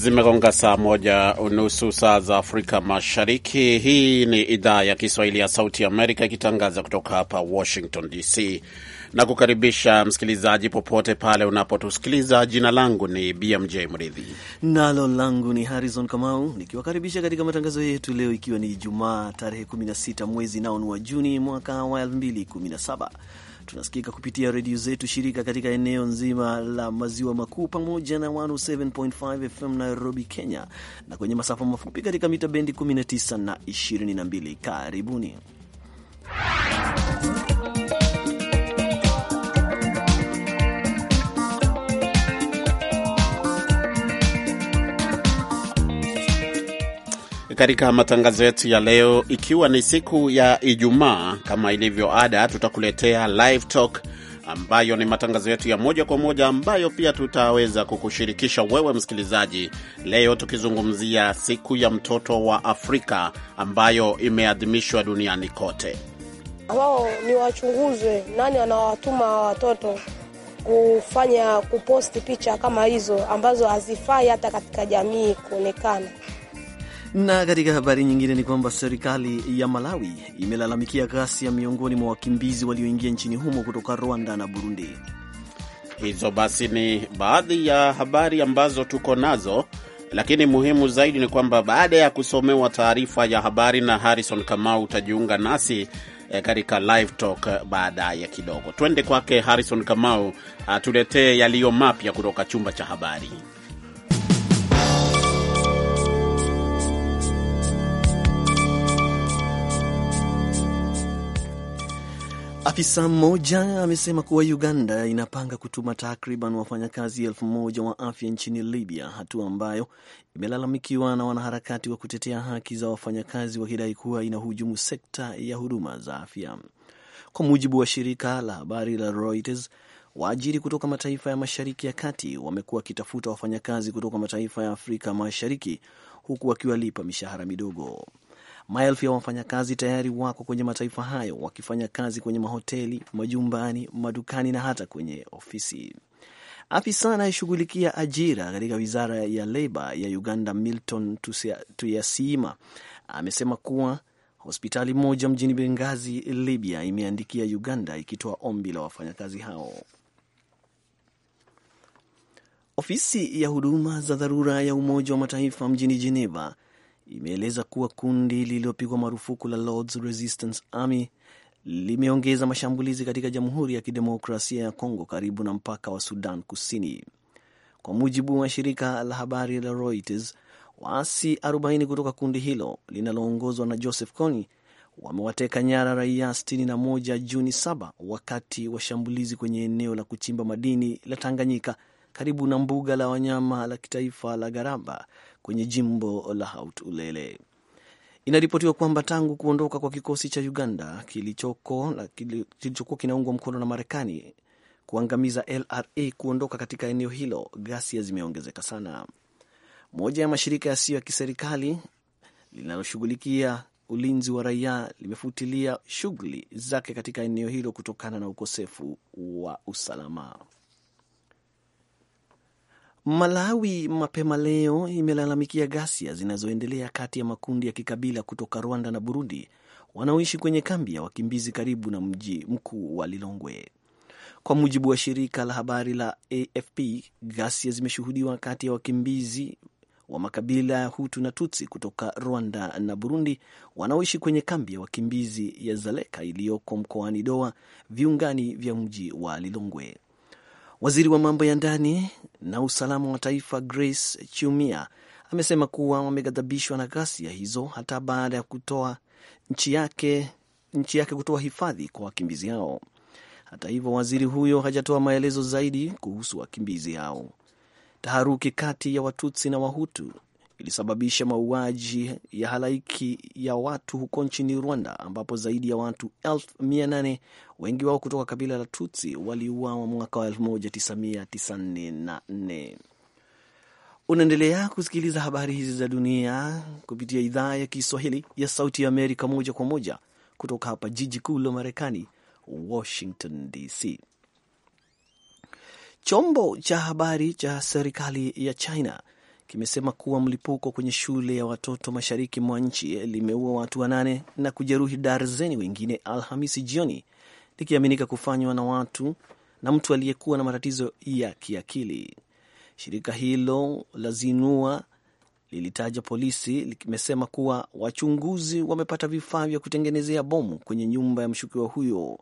Zimegonga saa moja unusu saa za Afrika Mashariki. Hii ni idhaa ya Kiswahili ya Sauti Amerika ikitangaza kutoka hapa Washington DC na kukaribisha msikilizaji popote pale unapotusikiliza. Jina langu ni BMJ Mridhi nalo langu ni Harrison Kamau, nikiwakaribisha katika matangazo yetu leo, ikiwa ni Ijumaa tarehe 16 mwezi nao ni wa Juni mwaka wa 2017 Tunasikika kupitia redio zetu shirika katika eneo nzima la maziwa makuu pamoja na 107.5 FM Nairobi, Kenya, na kwenye masafa mafupi katika mita bendi 19 na 22. Karibuni katika matangazo yetu ya leo, ikiwa ni siku ya Ijumaa, kama ilivyo ada, tutakuletea live talk ambayo ni matangazo yetu ya moja kwa moja ambayo pia tutaweza kukushirikisha wewe msikilizaji, leo tukizungumzia siku ya mtoto wa Afrika ambayo imeadhimishwa duniani kote. Wao ni wachunguzwe, nani anawatuma watoto kufanya kuposti picha kama hizo ambazo hazifai hata katika jamii kuonekana. Na katika habari nyingine ni kwamba serikali ya Malawi imelalamikia ghasia miongoni mwa wakimbizi walioingia nchini humo kutoka Rwanda na Burundi. Hizo basi ni baadhi ya habari ambazo tuko nazo, lakini muhimu zaidi ni kwamba baada ya kusomewa taarifa ya habari na Harrison Kamau, utajiunga nasi eh, katika live talk baadaye kidogo. Twende kwake Harrison Kamau atuletee yaliyo mapya kutoka chumba cha habari. Afisa mmoja amesema kuwa Uganda inapanga kutuma takriban wafanyakazi elfu moja wa afya nchini Libya, hatua ambayo imelalamikiwa na wanaharakati wa kutetea haki za wafanyakazi wakidai kuwa inahujumu sekta ya huduma za afya. Kwa mujibu wa shirika la habari la Reuters, waajiri kutoka mataifa ya Mashariki ya Kati wamekuwa wakitafuta wafanyakazi kutoka mataifa ya Afrika Mashariki huku wakiwalipa mishahara midogo. Maelfu ya wafanyakazi tayari wako kwenye mataifa hayo wakifanya kazi kwenye mahoteli, majumbani, madukani na hata kwenye ofisi. Afisa anayeshughulikia ajira katika wizara ya leba ya Uganda, Milton Tuyasiima, amesema kuwa hospitali moja mjini Bengazi, Libya, imeandikia Uganda ikitoa ombi la wafanyakazi hao. Ofisi ya huduma za dharura ya Umoja wa Mataifa mjini Geneva imeeleza kuwa kundi lililopigwa marufuku la Lords Resistance Army limeongeza mashambulizi katika Jamhuri ya Kidemokrasia ya Kongo karibu na mpaka wa Sudan Kusini. Kwa mujibu wa shirika la habari la Reuters, waasi 40 kutoka kundi hilo linaloongozwa na Joseph Kony wamewateka nyara raia 61 Juni 7 wakati wa shambulizi kwenye eneo la kuchimba madini la Tanganyika karibu na mbuga la wanyama la kitaifa la Garamba kwenye jimbo la Haut-Ulele. Inaripotiwa kwamba tangu kuondoka kwa kikosi cha Uganda kilichoko kilichokuwa kinaungwa mkono na Marekani kuangamiza LRA kuondoka katika eneo hilo, ghasia zimeongezeka sana. Moja ya mashirika yasiyo ya kiserikali linaloshughulikia ulinzi wa raia limefutilia shughuli zake katika eneo hilo kutokana na ukosefu wa usalama. Malawi mapema leo imelalamikia ghasia zinazoendelea kati ya makundi ya kikabila kutoka Rwanda na Burundi wanaoishi kwenye kambi ya wakimbizi karibu na mji mkuu wa Lilongwe. Kwa mujibu wa shirika la habari la AFP, ghasia zimeshuhudiwa kati ya wakimbizi wa makabila ya Hutu na Tutsi kutoka Rwanda na Burundi wanaoishi kwenye kambi ya wakimbizi ya Zaleka iliyoko mkoani Doa, viungani vya mji wa Lilongwe. Waziri wa mambo ya ndani na usalama wa taifa Grace Chiumia amesema kuwa wameghadhabishwa na ghasia hizo hata baada ya kutoa nchi yake, nchi yake kutoa hifadhi kwa wakimbizi hao. Hata hivyo, waziri huyo hajatoa maelezo zaidi kuhusu wakimbizi hao. Taharuki kati ya Watutsi na Wahutu ilisababisha mauaji ya halaiki ya watu huko nchini Rwanda, ambapo zaidi ya watu 8 wengi wao kutoka kabila la Tutsi waliuawa mwaka wa 1994. Unaendelea kusikiliza habari hizi za dunia kupitia idhaa ya Kiswahili ya Sauti ya Amerika, moja kwa moja kutoka hapa jiji kuu la Marekani, Washington DC. Chombo cha habari cha serikali ya China kimesema kuwa mlipuko kwenye shule ya watoto mashariki mwa nchi limeua watu wanane na kujeruhi darzeni wengine Alhamisi jioni, likiaminika kufanywa na watu na mtu aliyekuwa na matatizo ya kiakili. Shirika hilo la Zinua lilitaja polisi limesema kuwa wachunguzi wamepata vifaa vya kutengenezea bomu kwenye nyumba ya mshukiwa huyo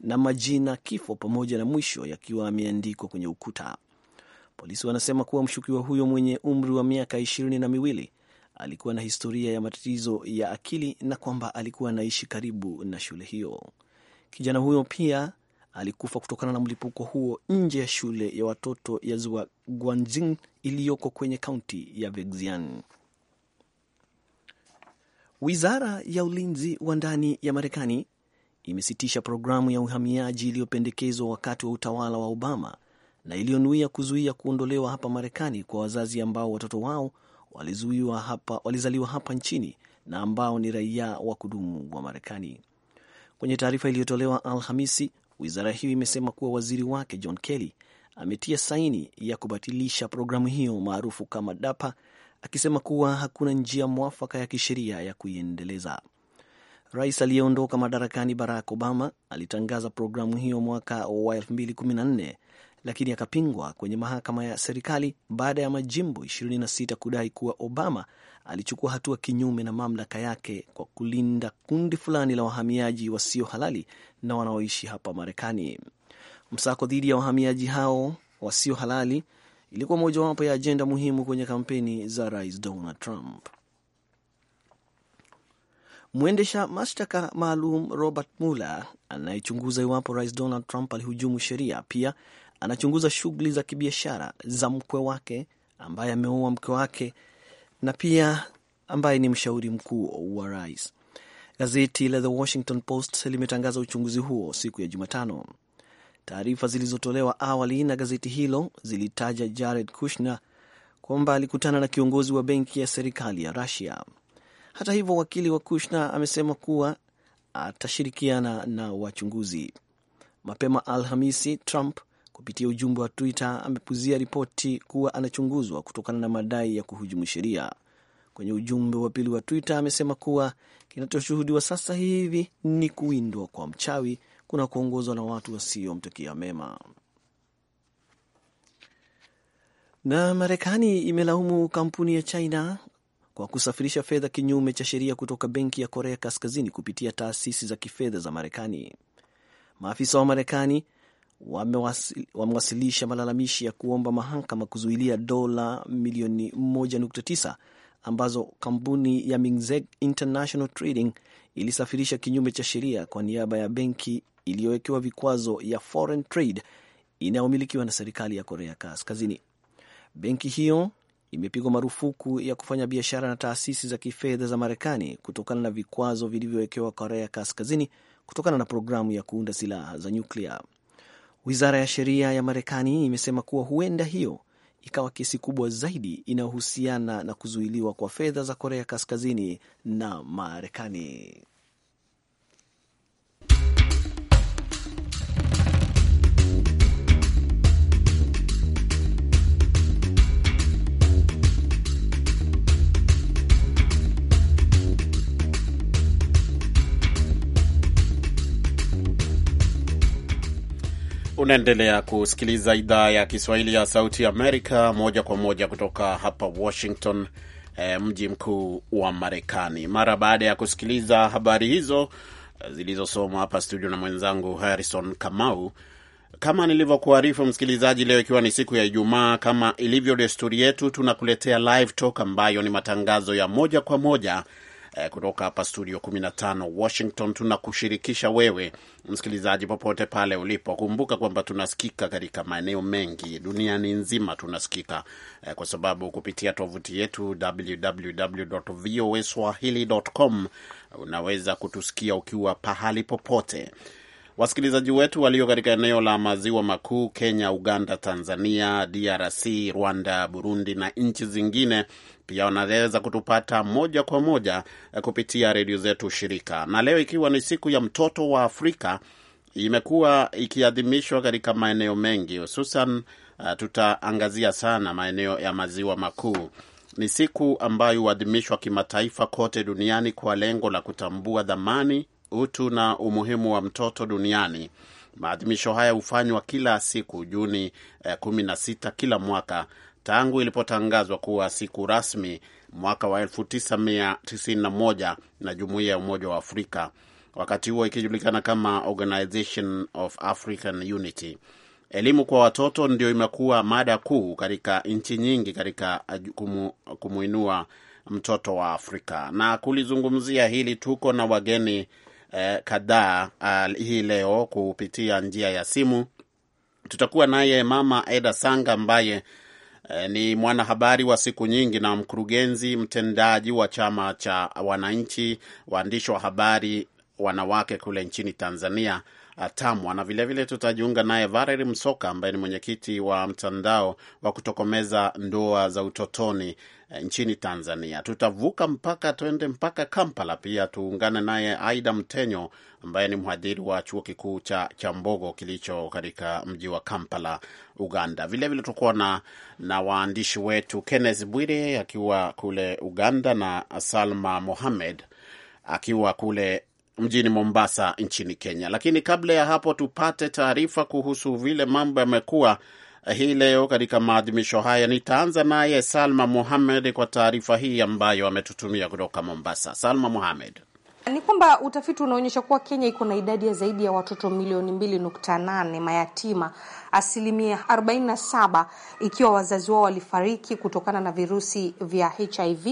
na majina, kifo pamoja na mwisho yakiwa yameandikwa kwenye ukuta. Polisi wanasema kuwa mshukiwa huyo mwenye umri wa miaka ishirini na miwili alikuwa na historia ya matatizo ya akili na kwamba alikuwa anaishi karibu na shule hiyo. Kijana huyo pia alikufa kutokana na mlipuko huo nje ya shule ya watoto ya Zua Guanjin iliyoko kwenye kaunti ya Vexian. Wizara ya ulinzi wa ndani ya Marekani imesitisha programu ya uhamiaji iliyopendekezwa wakati wa utawala wa Obama na iliyonuia kuzuia kuondolewa hapa Marekani kwa wazazi ambao watoto wao walizuiwa hapa, walizaliwa hapa nchini na ambao ni raia wa kudumu wa Marekani. Kwenye taarifa iliyotolewa Alhamisi, wizara hiyo imesema kuwa waziri wake John Kelly ametia saini ya kubatilisha programu hiyo maarufu kama DAPA, akisema kuwa hakuna njia mwafaka ya kisheria ya kuiendeleza. Rais aliyeondoka madarakani Barack Obama alitangaza programu hiyo mwaka wa 2014 lakini akapingwa kwenye mahakama ya serikali baada ya majimbo 26 kudai kuwa Obama alichukua hatua kinyume na mamlaka yake kwa kulinda kundi fulani la wahamiaji wasio halali na wanaoishi hapa Marekani. Msako dhidi ya wahamiaji hao wasio halali ilikuwa mojawapo ya ajenda muhimu kwenye kampeni za Rais Donald Trump. Mwendesha mashtaka maalum Robert Mueller anayechunguza iwapo Rais Donald Trump alihujumu sheria pia anachunguza shughuli za kibiashara za mkwe wake ambaye ameoa mke wake na pia ambaye ni mshauri mkuu wa rais. Gazeti la The Washington Post limetangaza uchunguzi huo siku ya Jumatano. Taarifa zilizotolewa awali na gazeti hilo zilitaja Jared Kushner kwamba alikutana na kiongozi wa benki ya serikali ya Rusia. Hata hivyo, wakili wa Kushner amesema kuwa atashirikiana na wachunguzi. Mapema Alhamisi, Trump kupitia ujumbe wa Twitter amepuzia ripoti kuwa anachunguzwa kutokana na madai ya kuhujumu sheria. Kwenye ujumbe wa pili wa Twitter amesema kuwa kinachoshuhudiwa sasa hivi ni kuwindwa kwa mchawi kuna kuongozwa na watu wasiomtakia mema. Na Marekani imelaumu kampuni ya China kwa kusafirisha fedha kinyume cha sheria kutoka benki ya Korea Kaskazini kupitia taasisi za kifedha za Marekani. Maafisa wa Marekani wamewasilisha malalamishi ya kuomba mahakama kuzuilia dola milioni 1.9 ambazo kampuni ya Mingzeg International Trading ilisafirisha kinyume cha sheria kwa niaba ya benki iliyowekewa vikwazo ya Foreign Trade inayomilikiwa na serikali ya Korea Kaskazini. Benki hiyo imepigwa marufuku ya kufanya biashara na taasisi za kifedha za Marekani kutokana na vikwazo vilivyowekewa Korea Kaskazini kutokana na programu ya kuunda silaha za nyuklia. Wizara ya sheria ya Marekani imesema kuwa huenda hiyo ikawa kesi kubwa zaidi inayohusiana na kuzuiliwa kwa fedha za Korea Kaskazini na Marekani. Unaendelea kusikiliza idhaa ya Kiswahili ya Sauti Amerika moja kwa moja kutoka hapa Washington, e, mji mkuu wa Marekani. Mara baada ya kusikiliza habari hizo eh, zilizosomwa hapa studio na mwenzangu Harrison Kamau, kama nilivyokuarifu msikilizaji, leo ikiwa ni siku ya Ijumaa, kama ilivyo desturi yetu, tunakuletea Live Talk ambayo ni matangazo ya moja kwa moja eh, kutoka hapa studio 15 Washington, tunakushirikisha wewe msikilizaji, popote pale ulipo. Kumbuka kwamba tunasikika katika maeneo mengi duniani nzima, tunasikika eh, kwa sababu kupitia tovuti yetu www.voaswahili.com eh, unaweza kutusikia ukiwa pahali popote. Wasikilizaji wetu walio katika eneo la maziwa makuu, Kenya, Uganda, Tanzania, DRC, Rwanda, Burundi na nchi zingine pia wanaweza kutupata moja kwa moja eh, kupitia redio zetu shirika. Na leo ikiwa ni siku ya mtoto wa Afrika, imekuwa ikiadhimishwa katika maeneo mengi, hususan uh, tutaangazia sana maeneo ya maziwa makuu. Ni siku ambayo huadhimishwa kimataifa kote duniani kwa lengo la kutambua dhamani, utu na umuhimu wa mtoto duniani. Maadhimisho haya hufanywa kila siku Juni eh, 16 kila mwaka tangu ilipotangazwa kuwa siku rasmi mwaka wa 1991 na Jumuiya ya Umoja wa Afrika, wakati huo ikijulikana kama Organization of African Unity. Elimu kwa watoto ndio imekuwa mada kuu katika nchi nyingi katika kumu, kumuinua mtoto wa Afrika. Na kulizungumzia hili tuko na wageni eh, kadhaa ah, hii leo kupitia njia ya simu. Tutakuwa naye Mama Eda Sanga ambaye Eh, ni mwanahabari wa siku nyingi na mkurugenzi mtendaji wa chama cha wananchi waandishi wa habari wanawake kule nchini Tanzania eh, TAMWA, na vilevile tutajiunga naye Valerie Msoka ambaye ni mwenyekiti wa mtandao wa kutokomeza ndoa za utotoni nchini Tanzania. Tutavuka mpaka tuende mpaka Kampala pia tuungane naye Aida Mtenyo ambaye ni mhadhiri wa chuo kikuu cha Chambogo kilicho katika mji wa Kampala, Uganda. Vilevile tutakuwa na, na waandishi wetu Kenneth Bwire akiwa kule Uganda na Salma Mohamed akiwa kule mjini Mombasa nchini Kenya. Lakini kabla ya hapo, tupate taarifa kuhusu vile mambo yamekuwa hii leo katika maadhimisho haya. Nitaanza naye Salma Muhamed kwa taarifa hii ambayo ametutumia kutoka Mombasa. Salma Muhamed. Ni kwamba utafiti unaonyesha kuwa Kenya iko na idadi ya zaidi ya watoto milioni mbili nukta nane mayatima asilimia 47 ikiwa wazazi wao walifariki kutokana na virusi vya HIV.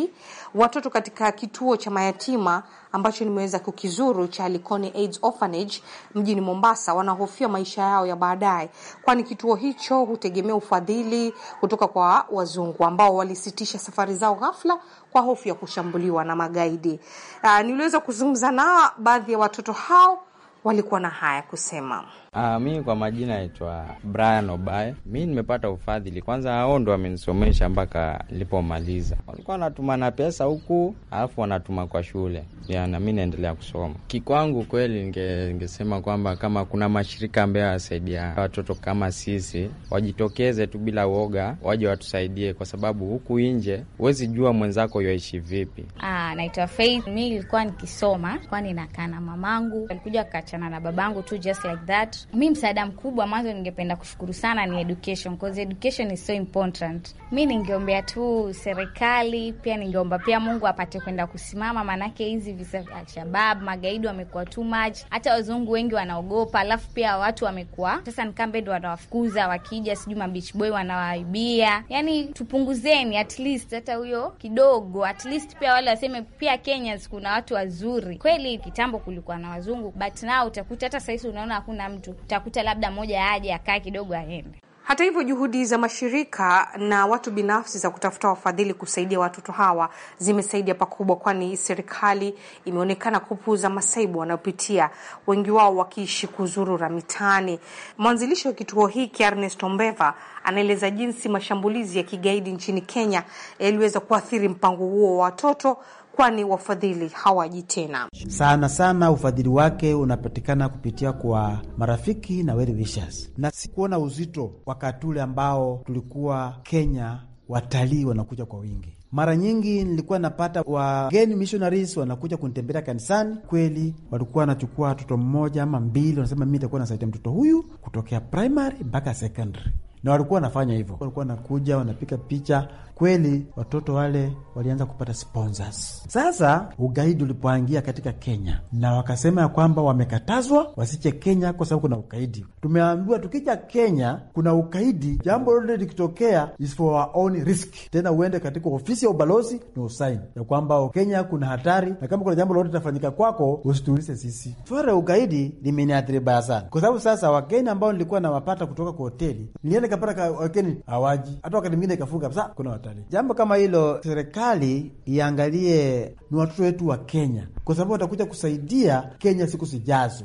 Watoto katika kituo cha mayatima ambacho nimeweza kukizuru cha Likoni AIDS Orphanage mjini Mombasa wanahofia maisha yao ya baadaye, kwani kituo hicho hutegemea ufadhili kutoka kwa wazungu ambao walisitisha safari zao ghafla kwa hofu ya kushambuliwa na magaidi. Uh, niliweza kuzungumza na baadhi ya watoto hao walikuwa na haya kusema. Uh, mi kwa majina naitwa Brian Obaye. Mi nimepata ufadhili kwanza, hao ndo wamenisomesha mpaka nilipomaliza. Walikuwa na pesa huku, alafu wanatuma kwa shule ya, na mi naendelea kusoma kikwangu. Kweli ningesema nge, kwamba kama kuna mashirika ambayo yanasaidia watoto kama sisi, wajitokeze tu bila uoga, waje watusaidie, kwa sababu huku nje huwezi jua mwenzako yaishi vipi. Ah, naitwa Faith. Mi nilikuwa nikisoma, kwani ninakaa na mamangu, alikuja akachana na babangu tu just like that Mi msaada mkubwa mwanzo ningependa kushukuru sana ni education, cause education is so important. Mi ningeombea tu serikali, pia ningeomba pia Mungu apate kwenda kusimama, maanake hizi visa vya Alshabab magaidi wamekuwa too much, hata wazungu wengi wanaogopa, alafu pia watu wamekuwa sasa nikambe ndo wanawafukuza wakija, sijui mabich boy wanawaibia. Yani tupunguzeni at least hata huyo kidogo, at least pia wale waseme pia Kenya kuna watu wazuri kweli. Kitambo kulikuwa na wazungu but nao utakuta hata sahizi unaona hakuna mtu tu, utakuta labda moja aje akae kidogo aende. Hata hivyo juhudi za mashirika na watu binafsi za kutafuta wafadhili kusaidia watoto hawa zimesaidia pakubwa, kwani serikali imeonekana kupuuza masaibu wanayopitia, wengi wao wakiishi kuzurura mitaani. Mwanzilishi wa kituo hiki arnest Ombeva anaeleza jinsi mashambulizi ya kigaidi nchini Kenya yaliweza kuathiri mpango huo wa watoto kwani wafadhili hawaji tena. Sana sana ufadhili wake unapatikana kupitia kwa marafiki na well wishers, na sikuona uzito wakati ule ambao tulikuwa Kenya, watalii wanakuja kwa wingi. Mara nyingi nilikuwa napata wageni missionaries wanakuja kunitembelea kanisani. Kweli walikuwa wanachukua watoto mmoja ama mbili, wanasema mi nitakuwa nasaidia mtoto huyu kutokea primary mpaka secondary, na walikuwa wanafanya hivyo, walikuwa wanakuja wanapika picha kweli watoto wale walianza kupata sponsors. Sasa ugaidi ulipoangia katika Kenya, na wakasema ya kwamba wamekatazwa wasiche Kenya kwa sababu kuna ugaidi. Tumeambiwa tukija Kenya kuna ugaidi, jambo lolote likitokea is for our own risk. Tena uende katika ofisi ya ubalozi ni usaini ya kwamba Kenya kuna hatari, na kama kuna jambo lolote litafanyika kwako usituulize sisi. Swala ya ugaidi limeniathiri baya sana, kwa sababu sasa wageni ambao nilikuwa nawapata kutoka kwa hoteli nilienda kapata wageni hawaji, hata wakati mwingine ikafunga. Sasa kuna hatari hospitali. Jambo kama hilo serikali iangalie, ni watoto wetu wa Kenya, kwa sababu watakuja kusaidia Kenya siku zijazo.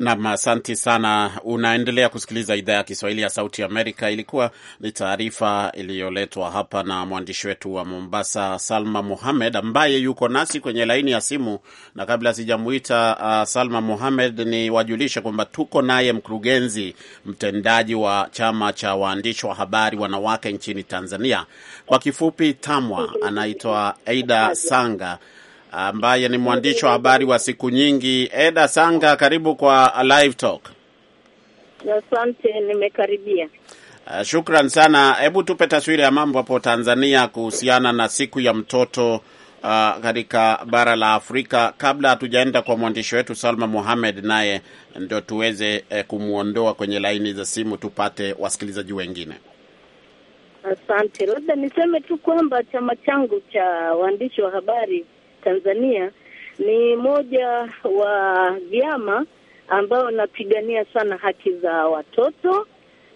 Nam, asanti sana. Unaendelea kusikiliza idhaa ya Kiswahili ya Sauti Amerika. Ilikuwa ni taarifa iliyoletwa hapa na mwandishi wetu wa Mombasa, Salma muhamed ambaye yuko nasi kwenye laini ya simu. Na kabla sijamuita uh, Salma muhamed ni wajulishe kwamba tuko naye mkurugenzi mtendaji wa chama cha waandishi wa habari wanawake nchini Tanzania, kwa kifupi TAMWA, anaitwa Aida Sanga ambaye ni mwandishi wa habari wa siku nyingi. Eda Sanga, karibu kwa Live Talk. Asante, nimekaribia. Uh, shukran sana. Hebu tupe taswira ya mambo hapo Tanzania kuhusiana na siku ya mtoto uh, katika bara la Afrika, kabla hatujaenda kwa mwandishi wetu Salma Mohamed, naye ndio tuweze eh, kumwondoa kwenye laini za simu tupate wasikilizaji wengine. Asante, labda niseme tu kwamba chama changu cha waandishi wa habari Tanzania ni moja wa vyama ambao napigania sana haki za watoto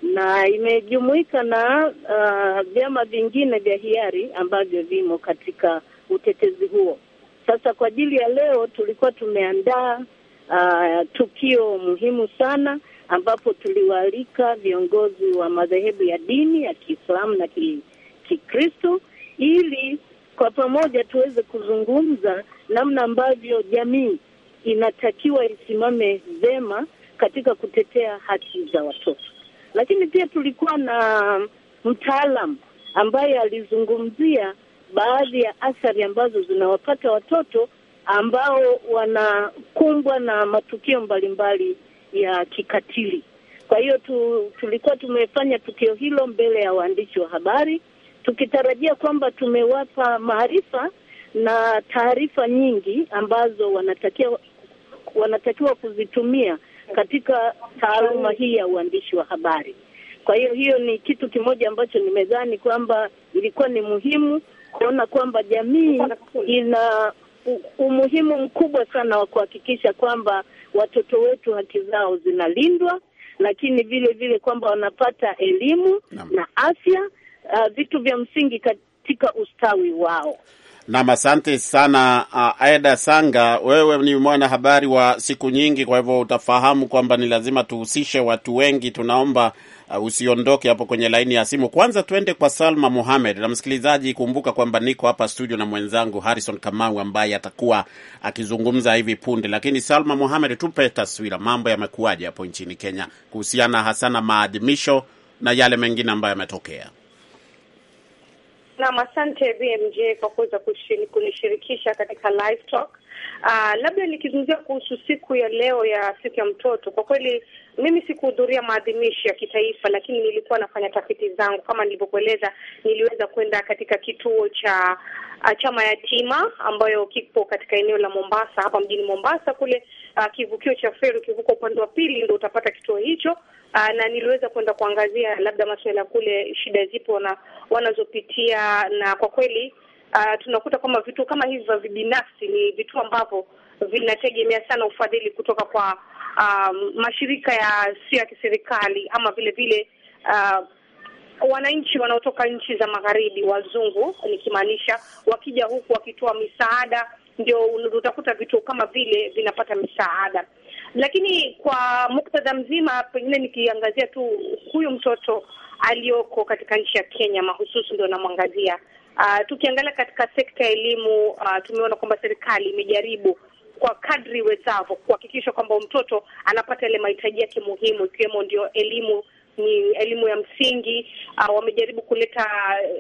na imejumuika na uh, vyama vingine vya hiari ambavyo vimo katika utetezi huo. Sasa kwa ajili ya leo tulikuwa tumeandaa uh, tukio muhimu sana ambapo tuliwaalika viongozi wa madhehebu ya dini ya Kiislamu na Kikristo ili kwa pamoja tuweze kuzungumza namna ambavyo jamii inatakiwa isimame vema katika kutetea haki za watoto. Lakini pia tulikuwa na mtaalam ambaye alizungumzia baadhi ya athari ambazo zinawapata watoto ambao wanakumbwa na matukio mbalimbali ya kikatili. Kwa hiyo tu, tulikuwa tumefanya tukio hilo mbele ya waandishi wa habari tukitarajia kwamba tumewapa maarifa na taarifa nyingi ambazo wanatakiwa wanatakiwa kuzitumia katika taaluma hii ya uandishi wa habari. Kwa hiyo hiyo ni kitu kimoja ambacho nimedhani kwamba ilikuwa ni muhimu kuona kwamba jamii ina umuhimu mkubwa sana wa kuhakikisha kwamba watoto wetu haki zao zinalindwa, lakini vile vile kwamba wanapata elimu na, na afya uh, vitu vya msingi katika ustawi wao. Nam, asante sana uh, Aida Sanga, wewe ni mwanahabari wa siku nyingi, kwa hivyo utafahamu kwamba ni lazima tuhusishe watu wengi. Tunaomba uh, usiondoke hapo kwenye laini ya simu. Kwanza tuende kwa Salma Mohamed. Na msikilizaji, kumbuka kwamba niko hapa studio na mwenzangu Harrison Kamau ambaye atakuwa akizungumza hivi punde. Lakini Salma Mohamed, tupe taswira, mambo yamekuwaje hapo nchini Kenya kuhusiana hasa na maadhimisho na yale mengine ambayo yametokea? Naam, asante BMJ kwa kuweza kunishirikisha katika live talk. Uh, labda nikizungumzia kuhusu siku ya leo ya siku ya mtoto, kwa kweli mimi sikuhudhuria maadhimisho ya kitaifa, lakini nilikuwa nafanya tafiti zangu. Kama nilivyokueleza, niliweza kwenda katika kituo cha ah, chama yatima ambayo kipo katika eneo la Mombasa, hapa mjini Mombasa kule uh, kivukio cha feri ukivuka upande wa pili ndio utapata kituo hicho. Uh, na niliweza kwenda kuangazia labda masuala kule shida zipo na wanazopitia, na kwa kweli uh, tunakuta kwamba vituo kama hivi vya binafsi ni vituo ambavyo vinategemea sana ufadhili kutoka kwa um, mashirika ya sio ya kiserikali ama vile vile uh, wananchi wanaotoka nchi za magharibi, wazungu nikimaanisha, wakija huku wakitoa misaada ndio utakuta vitu kama vile vinapata misaada. Lakini kwa muktadha mzima, pengine nikiangazia tu huyu mtoto aliyoko katika nchi ya Kenya mahususi, ndio namwangazia. Uh, tukiangalia katika sekta ya elimu uh, tumeona kwamba serikali imejaribu kwa kadri wezavo kuhakikisha kwamba mtoto anapata yale mahitaji yake muhimu, ikiwemo ndio elimu ni elimu ya msingi. Uh, wamejaribu kuleta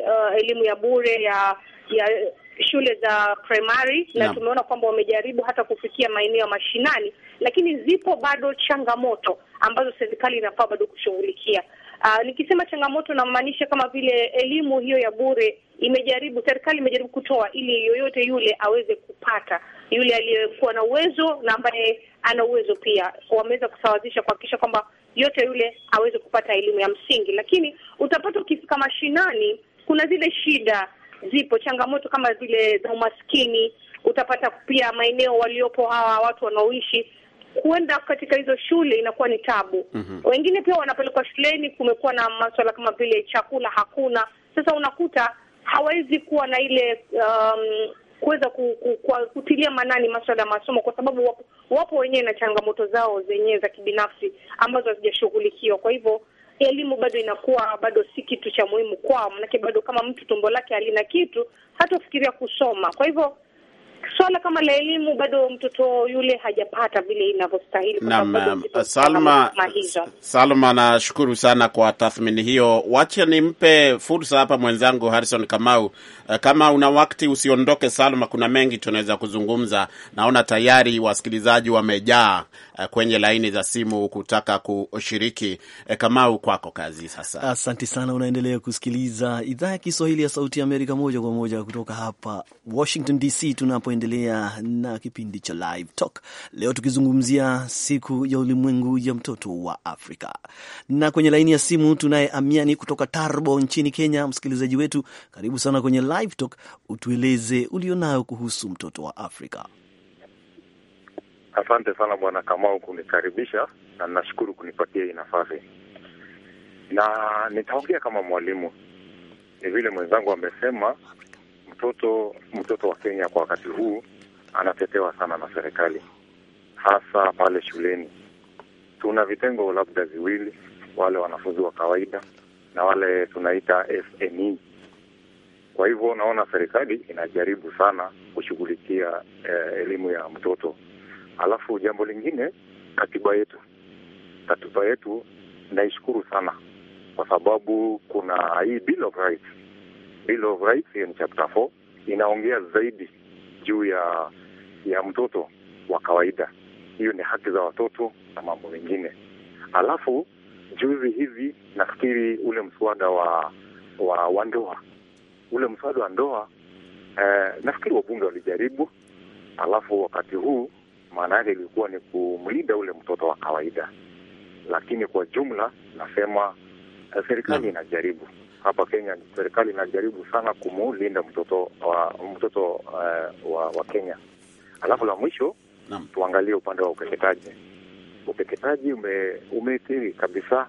uh, elimu ya bure ya ya shule za primary na, na tumeona kwamba wamejaribu hata kufikia maeneo ya mashinani, lakini zipo bado changamoto ambazo serikali inafaa bado kushughulikia. Uh, nikisema changamoto namaanisha kama vile elimu hiyo ya bure imejaribu, serikali imejaribu kutoa ili yoyote yule aweze kupata, yule aliyekuwa na uwezo na ambaye ana uwezo pia, wameweza kusawazisha kuhakikisha kwamba yote yule aweze kupata elimu ya msingi, lakini utapata ukifika mashinani kuna zile shida zipo changamoto kama zile za umaskini. Utapata pia maeneo waliopo hawa watu wanaoishi kuenda katika hizo shule inakuwa ni tabu. mm -hmm. Wengine pia wanapelekwa shuleni, kumekuwa na masuala kama vile chakula hakuna. Sasa unakuta hawawezi kuwa na ile um, kuweza ku, ku, ku, kutilia manani masuala ya masomo kwa sababu wapo, wapo wenyewe na changamoto zao zenyewe za kibinafsi ambazo hazijashughulikiwa. Kwa hivyo elimu bado inakuwa bado si kitu cha muhimu kwao, manake bado kama mtu tumbo lake halina kitu hatafikiria kusoma. Kwa hivyo Swala kama la elimu bado mtoto yule hajapata vile inavyostahili. Naam, Salma, Salma, nashukuru sana kwa tathmini hiyo. Wacha nimpe fursa hapa mwenzangu Harrison Kamau. Eh, kama una wakati usiondoke, Salma, kuna mengi tunaweza kuzungumza. Naona tayari wasikilizaji wamejaa eh, kwenye laini za simu kutaka kushiriki. Eh, Kamau, kwako kazi sasa. Asante sana. Unaendelea kusikiliza idhaa ya Kiswahili ya Sauti ya Amerika moja kwa moja kutoka hapa Washington DC tunapo kuendelea na kipindi cha Live Talk leo tukizungumzia siku ya ulimwengu ya mtoto wa Afrika, na kwenye laini ya simu tunaye Amiani kutoka Tarbo nchini Kenya. Msikilizaji wetu, karibu sana kwenye Live Talk, utueleze ulionayo kuhusu mtoto wa Afrika. Asante sana Bwana Kamau kunikaribisha na nashukuru kunipatia hii nafasi, na nitaongea kama mwalimu. Ni vile mwenzangu amesema, mtoto mtoto wa Kenya kwa wakati huu anatetewa sana na serikali, hasa pale shuleni. Tuna vitengo labda viwili, wale wanafunzi wa kawaida na wale tunaita FNE. Kwa hivyo naona serikali inajaribu sana kushughulikia eh, elimu ya mtoto. Alafu jambo lingine, katiba yetu, katiba yetu naishukuru sana kwa sababu kuna hii Bill of Rights Bill of Rights, chapter 4 inaongea zaidi juu ya ya mtoto wa kawaida, hiyo ni haki za watoto na mambo mengine. Alafu juzi hivi nafikiri ule mswada wa wa, wa ndoa ule mswada wa ndoa eh, nafikiri wabunge walijaribu, alafu wakati huu maana yake ilikuwa ni kumlinda ule mtoto wa kawaida, lakini kwa jumla nasema eh, serikali inajaribu hapa Kenya serikali inajaribu sana kumulinda mtoto wa mtoto uh, wa, wa Kenya. Alafu la mwisho Naam. Tuangalie upande wa ukeketaji. Ukeketaji ume, umeathiri kabisa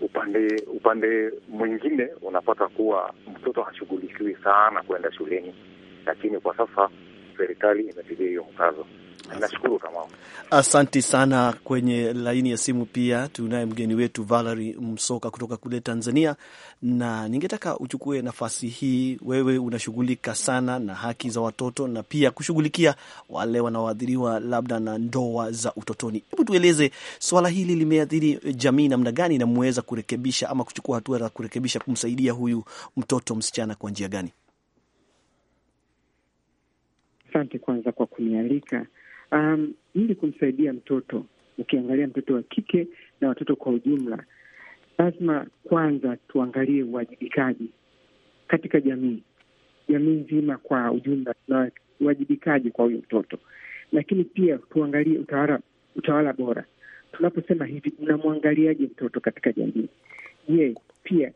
upande upande mwingine, unapata kuwa mtoto hashughulikiwi sana kwenda shuleni, lakini kwa sasa serikali imetilia hiyo mkazo. Nashukuru kama asanti sana. Kwenye laini ya simu pia tunaye mgeni wetu Valerie Msoka kutoka kule Tanzania, na ningetaka uchukue nafasi hii. Wewe unashughulika sana na haki za watoto na pia kushughulikia wale wanaoathiriwa labda na ndoa za utotoni. Hebu tueleze swala hili limeathiri jamii namna gani, na kurekebisha ama kuchukua hatua za kurekebisha kumsaidia huyu mtoto msichana kwa njia gani? asante kwanza kwa kunialika. Um, ili kumsaidia mtoto, ukiangalia mtoto wa kike na watoto kwa ujumla, lazima kwanza tuangalie uwajibikaji katika jamii, jamii nzima kwa ujumla, na uwajibikaji kwa huyu mtoto, lakini pia tuangalie utawala, utawala bora. Tunaposema hivi, unamwangaliaje mtoto katika jamii? Je, pia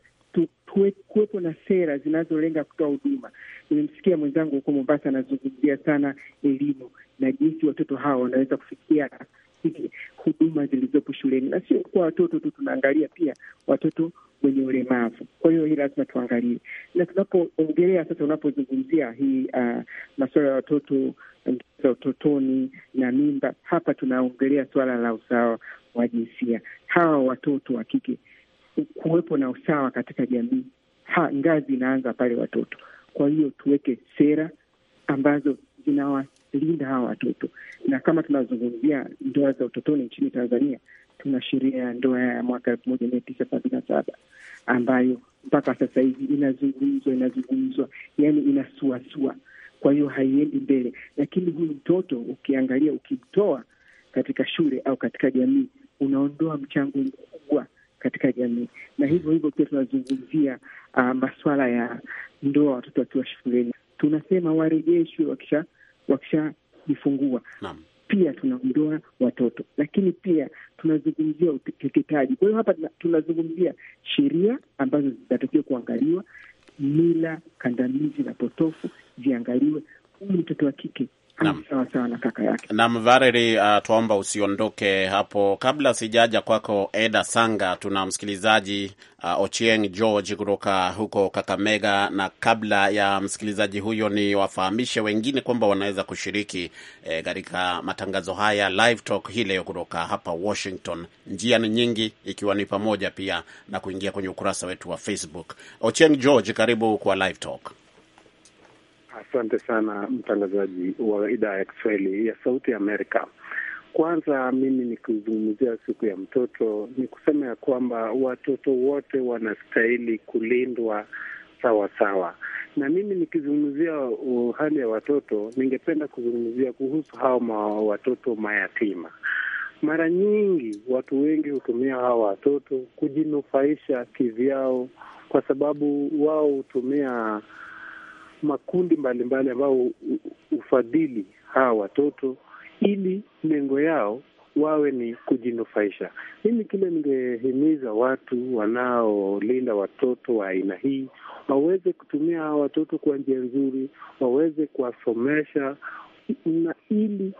kuwepo na sera zinazolenga kutoa huduma. Nimemsikia mwenzangu huko Mombasa anazungumzia sana elimu na jinsi watoto hawa wanaweza kufikia huduma zilizopo shuleni, na sio kwa watoto tu, tunaangalia pia watoto wenye ulemavu. Kwa hiyo hii lazima tuangalie, na tunapoongelea sasa, unapozungumzia hii uh, masuala ya watoto za utotoni na mimba, hapa tunaongelea suala la usawa wa jinsia. Hawa watoto wa kike kuwepo na usawa katika jamii. Ha, ngazi inaanza pale watoto. Kwa hiyo tuweke sera ambazo zinawalinda hawa watoto, na kama tunazungumzia ndoa za utotoni nchini Tanzania, tuna sheria ya ndoa ya mwaka elfu moja mia tisa sabini na saba ambayo mpaka sasa hivi inazungumzwa inazungumzwa, yani inasuasua. Kwa hiyo haiendi mbele, lakini huyu mtoto ukiangalia, ukimtoa katika shule au katika jamii, unaondoa mchango mkubwa katika jamii, na hivyo hivyo pia tunazungumzia uh, maswala ya ndoa watoto wakiwa shuleni, tunasema warejeshwe wakisha wakishajifungua pia tunaondoa watoto, lakini pia tunazungumzia uteketaji. Kwa hiyo hapa tunazungumzia sheria ambazo zinatakiwa kuangaliwa, mila kandamizi na potofu ziangaliwe. Huyu mtoto wa kike nam na Naam, uh, tuomba usiondoke hapo kabla sijaja kwako Eda Sanga. Tuna msikilizaji uh, Ochieng George kutoka huko Kakamega, na kabla ya msikilizaji huyo ni wafahamishe wengine kwamba wanaweza kushiriki eh, katika eh, matangazo haya live talk hii leo kutoka hapa Washington. Njia ni nyingi, ikiwa ni pamoja pia na kuingia kwenye ukurasa wetu wa Facebook. Ochieng George, karibu kwa live talk. Asante sana mtangazaji wa idhaa ya Kiswahili ya Sauti ya Amerika. Kwanza mimi nikizungumzia siku ya mtoto, ni kusema ya kwamba watoto wote wanastahili kulindwa sawa sawa, na mimi nikizungumzia uh, hali ya watoto, ningependa kuzungumzia kuhusu hawa ma watoto mayatima. Mara nyingi watu wengi hutumia hawa watoto kujinufaisha kivyao, kwa sababu wao hutumia makundi mbalimbali ambao hufadhili hawa watoto ili lengo yao wawe ni kujinufaisha. Mimi kile ningehimiza watu wanaolinda watoto wa aina hii waweze kutumia hawa watoto kwa njia nzuri, waweze kuwasomesha na ili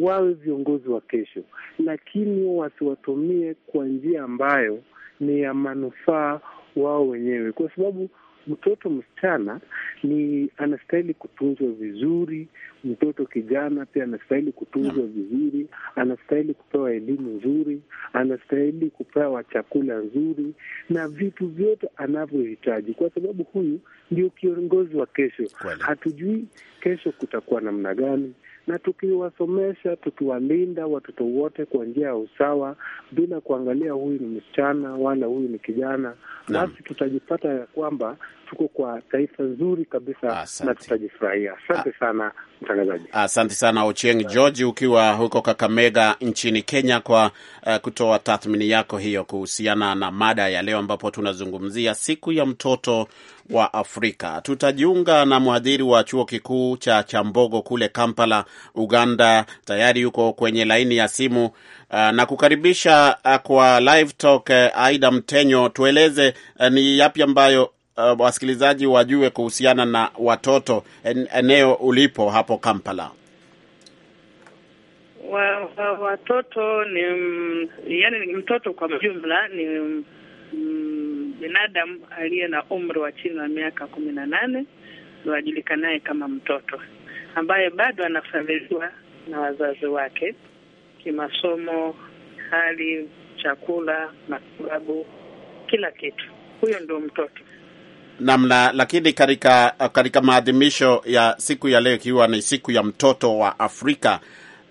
wawe viongozi wa kesho, lakini wasiwatumie kwa njia ambayo ni ya manufaa wao wenyewe, kwa sababu mtoto msichana ni anastahili kutunzwa vizuri, mtoto kijana pia anastahili kutunzwa vizuri, anastahili kupewa elimu nzuri, anastahili kupewa chakula nzuri na vitu vyote anavyohitaji, kwa sababu huyu ndio kiongozi wa kesho. Hatujui kesho kutakuwa namna gani na tukiwasomesha tukiwalinda watoto wote kwa njia ya usawa, bila kuangalia huyu ni msichana wala huyu ni kijana, basi tutajipata ya kwamba tuko kwa taifa zuri kabisa na tutajifurahia. Asante sana mtangazaji. Asante sana Ochieng George, ukiwa huko Kakamega nchini Kenya, kwa uh, kutoa tathmini yako hiyo kuhusiana na mada ya leo, ambapo tunazungumzia siku ya mtoto wa Afrika. Tutajiunga na mhadhiri wa chuo kikuu cha Chambogo kule Kampala, Uganda. Tayari yuko kwenye laini ya simu uh, na kukaribisha uh, kwa live talk uh, Aida Mtenyo, tueleze uh, ni yapi ambayo uh, wasikilizaji wajue kuhusiana na watoto en, eneo ulipo hapo Kampala? Wa, wa, watoto ni yani, mtoto kwa jumla ni mm, binadamu aliye na umri wa chini ya miaka kumi na nane ajulikanaye kama mtoto ambaye bado anafadhiliwa na wazazi wake kimasomo, hali, chakula, matibabu, kila kitu. Huyo ndio mtoto namna. Lakini katika katika maadhimisho ya siku ya leo, ikiwa ni siku ya mtoto wa Afrika,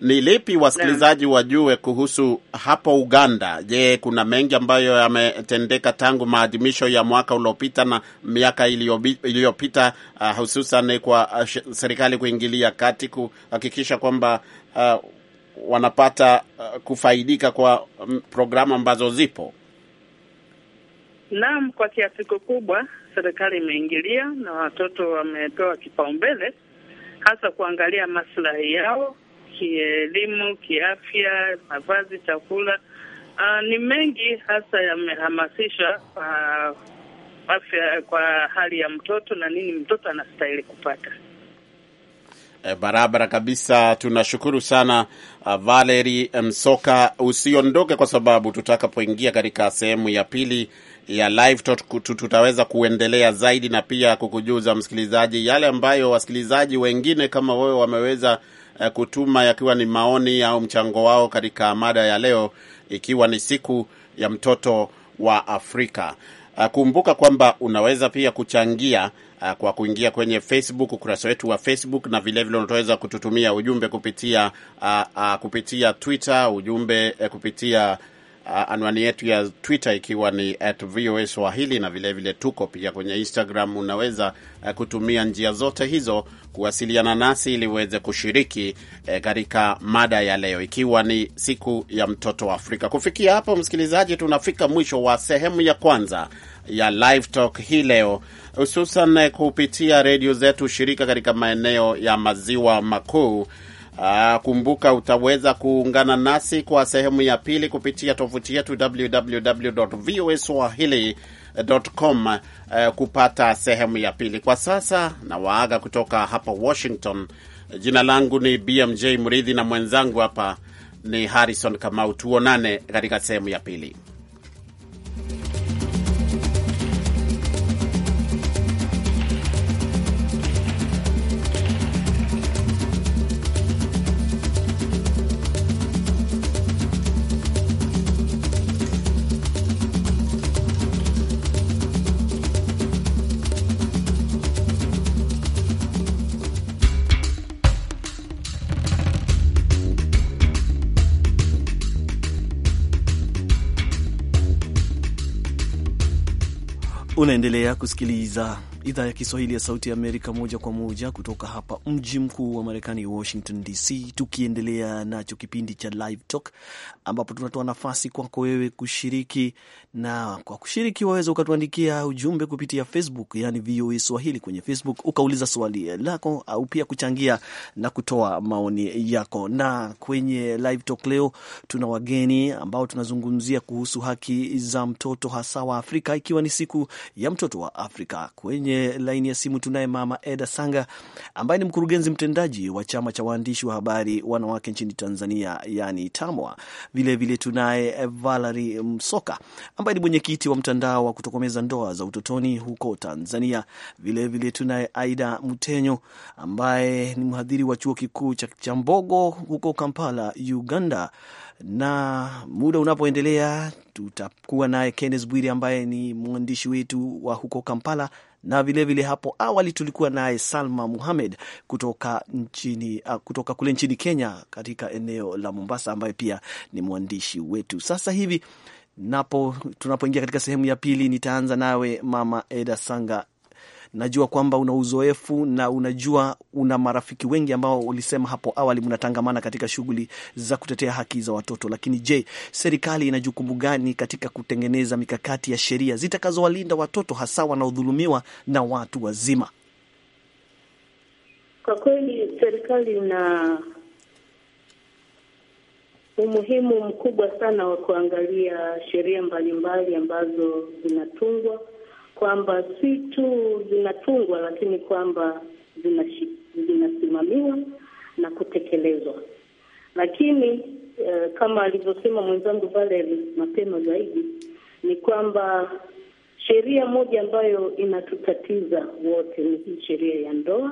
ni lipi wasikilizaji wajue kuhusu hapo Uganda? Je, kuna mengi ambayo yametendeka tangu maadhimisho ya mwaka uliopita na miaka iliyopita, uh, hususan kwa uh, serikali kuingilia kati kuhakikisha kwamba uh, wanapata uh, kufaidika kwa um, programu ambazo zipo? Naam, kwa kiasi kikubwa serikali imeingilia na watoto wamepewa kipaumbele, hasa kuangalia maslahi yao kielimu, kiafya, mavazi, chakula. Uh, ni mengi hasa yamehamasisha uh, afya kwa hali ya mtoto na nini mtoto anastahili kupata. Eh, barabara kabisa. Tunashukuru sana eh, Valeri eh, Msoka. Usiondoke, kwa sababu tutakapoingia katika sehemu ya pili ya live tutaweza kuendelea zaidi na pia kukujuza msikilizaji yale ambayo wasikilizaji wengine kama wewe wameweza kutuma yakiwa ni maoni au mchango wao katika mada ya leo, ikiwa ni siku ya mtoto wa Afrika. Kumbuka kwamba unaweza pia kuchangia Uh, kwa kuingia kwenye Facebook, ukurasa wetu wa Facebook, na vilevile unatoweza kututumia ujumbe kupitia uh, uh, kupitia Twitter, ujumbe uh, kupitia uh, anwani yetu ya Twitter ikiwa ni at VOA Swahili, na vilevile vile tuko pia kwenye Instagram. Unaweza uh, kutumia njia zote hizo kuwasiliana nasi ili uweze kushiriki uh, katika mada ya leo, ikiwa ni siku ya mtoto wa Afrika. Kufikia hapo, msikilizaji, tunafika mwisho wa sehemu ya kwanza ya Live Talk hii leo, hususan eh, kupitia redio zetu shirika katika maeneo ya maziwa makuu Uh, kumbuka utaweza kuungana nasi kwa sehemu ya pili kupitia tovuti yetu www.voaswahili.com, uh, eh, kupata sehemu ya pili. Kwa sasa na waaga kutoka hapa Washington. Jina langu ni BMJ Mridhi na mwenzangu hapa ni Harrison Kamau. Tuonane katika sehemu ya pili. Unaendelea kusikiliza idhaa ya Kiswahili ya Sauti ya Amerika, moja kwa moja kutoka hapa mji mkuu wa Marekani, Washington DC, tukiendelea nacho kipindi cha Live Talk ambapo tunatoa nafasi kwako wewe kushiriki, na kwa kushiriki waweza ukatuandikia ujumbe kupitia Facebook, yani VOA Swahili kwenye Facebook, ukauliza swali lako au pia kuchangia na kutoa maoni yako. Na kwenye Live Talk leo tuna wageni ambao tunazungumzia kuhusu haki za mtoto hasa wa Afrika, ikiwa ni siku ya mtoto wa Afrika kwenye kwenye laini ya simu tunaye Mama Eda Sanga ambaye ni mkurugenzi mtendaji wa chama cha waandishi wa habari wanawake nchini Tanzania, yani TAMWA. Vilevile tunaye Valari Msoka ambaye ni mwenyekiti wa mtandao wa kutokomeza ndoa za utotoni huko Tanzania. Vilevile tunaye Aida Mtenyo ambaye ni mhadhiri wa chuo kikuu cha Chambogo huko Kampala, Uganda na muda unapoendelea tutakuwa naye Kenneth Bwiri ambaye ni mwandishi wetu wa huko Kampala na vilevile vile hapo awali tulikuwa naye Salma Muhamed kutoka nchini, ah, kutoka kule nchini Kenya katika eneo la Mombasa, ambaye pia ni mwandishi wetu. Sasa hivi napo tunapoingia katika sehemu ya pili, nitaanza nawe Mama Eda Sanga najua kwamba una uzoefu na unajua una marafiki wengi ambao ulisema hapo awali mnatangamana katika shughuli za kutetea haki za watoto. Lakini je, serikali ina jukumu gani katika kutengeneza mikakati ya sheria zitakazowalinda watoto hasa wanaodhulumiwa na watu wazima? Kwa kweli serikali ina umuhimu mkubwa sana wa kuangalia sheria mbalimbali ambazo zinatungwa kwamba si tu zinatungwa, lakini kwamba zinasimamiwa na kutekelezwa. Lakini eh, kama alivyosema mwenzangu pale mapema zaidi ni kwamba sheria moja ambayo inatutatiza wote ni hii sheria ya ndoa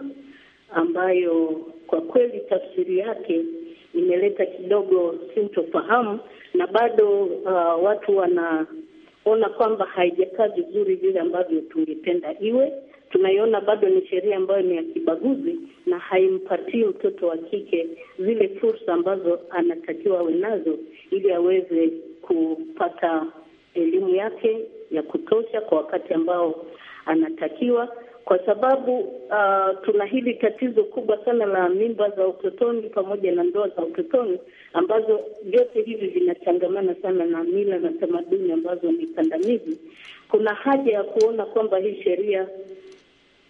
ambayo kwa kweli tafsiri yake imeleta kidogo sintofahamu na bado uh, watu wana ona kwamba haijakaa vizuri vile ambavyo tungependa iwe. Tunaiona bado ni sheria ambayo ni ya kibaguzi na haimpatii mtoto wa kike zile fursa ambazo anatakiwa awe nazo ili aweze kupata elimu yake ya kutosha kwa wakati ambao anatakiwa, kwa sababu uh, tuna hili tatizo kubwa sana la mimba za utotoni pamoja na ndoa za utotoni ambazo vyote hivi vinachangamana sana na mila na tamaduni ambazo ni kandamizi. Kuna haja ya kuona kwamba hii sheria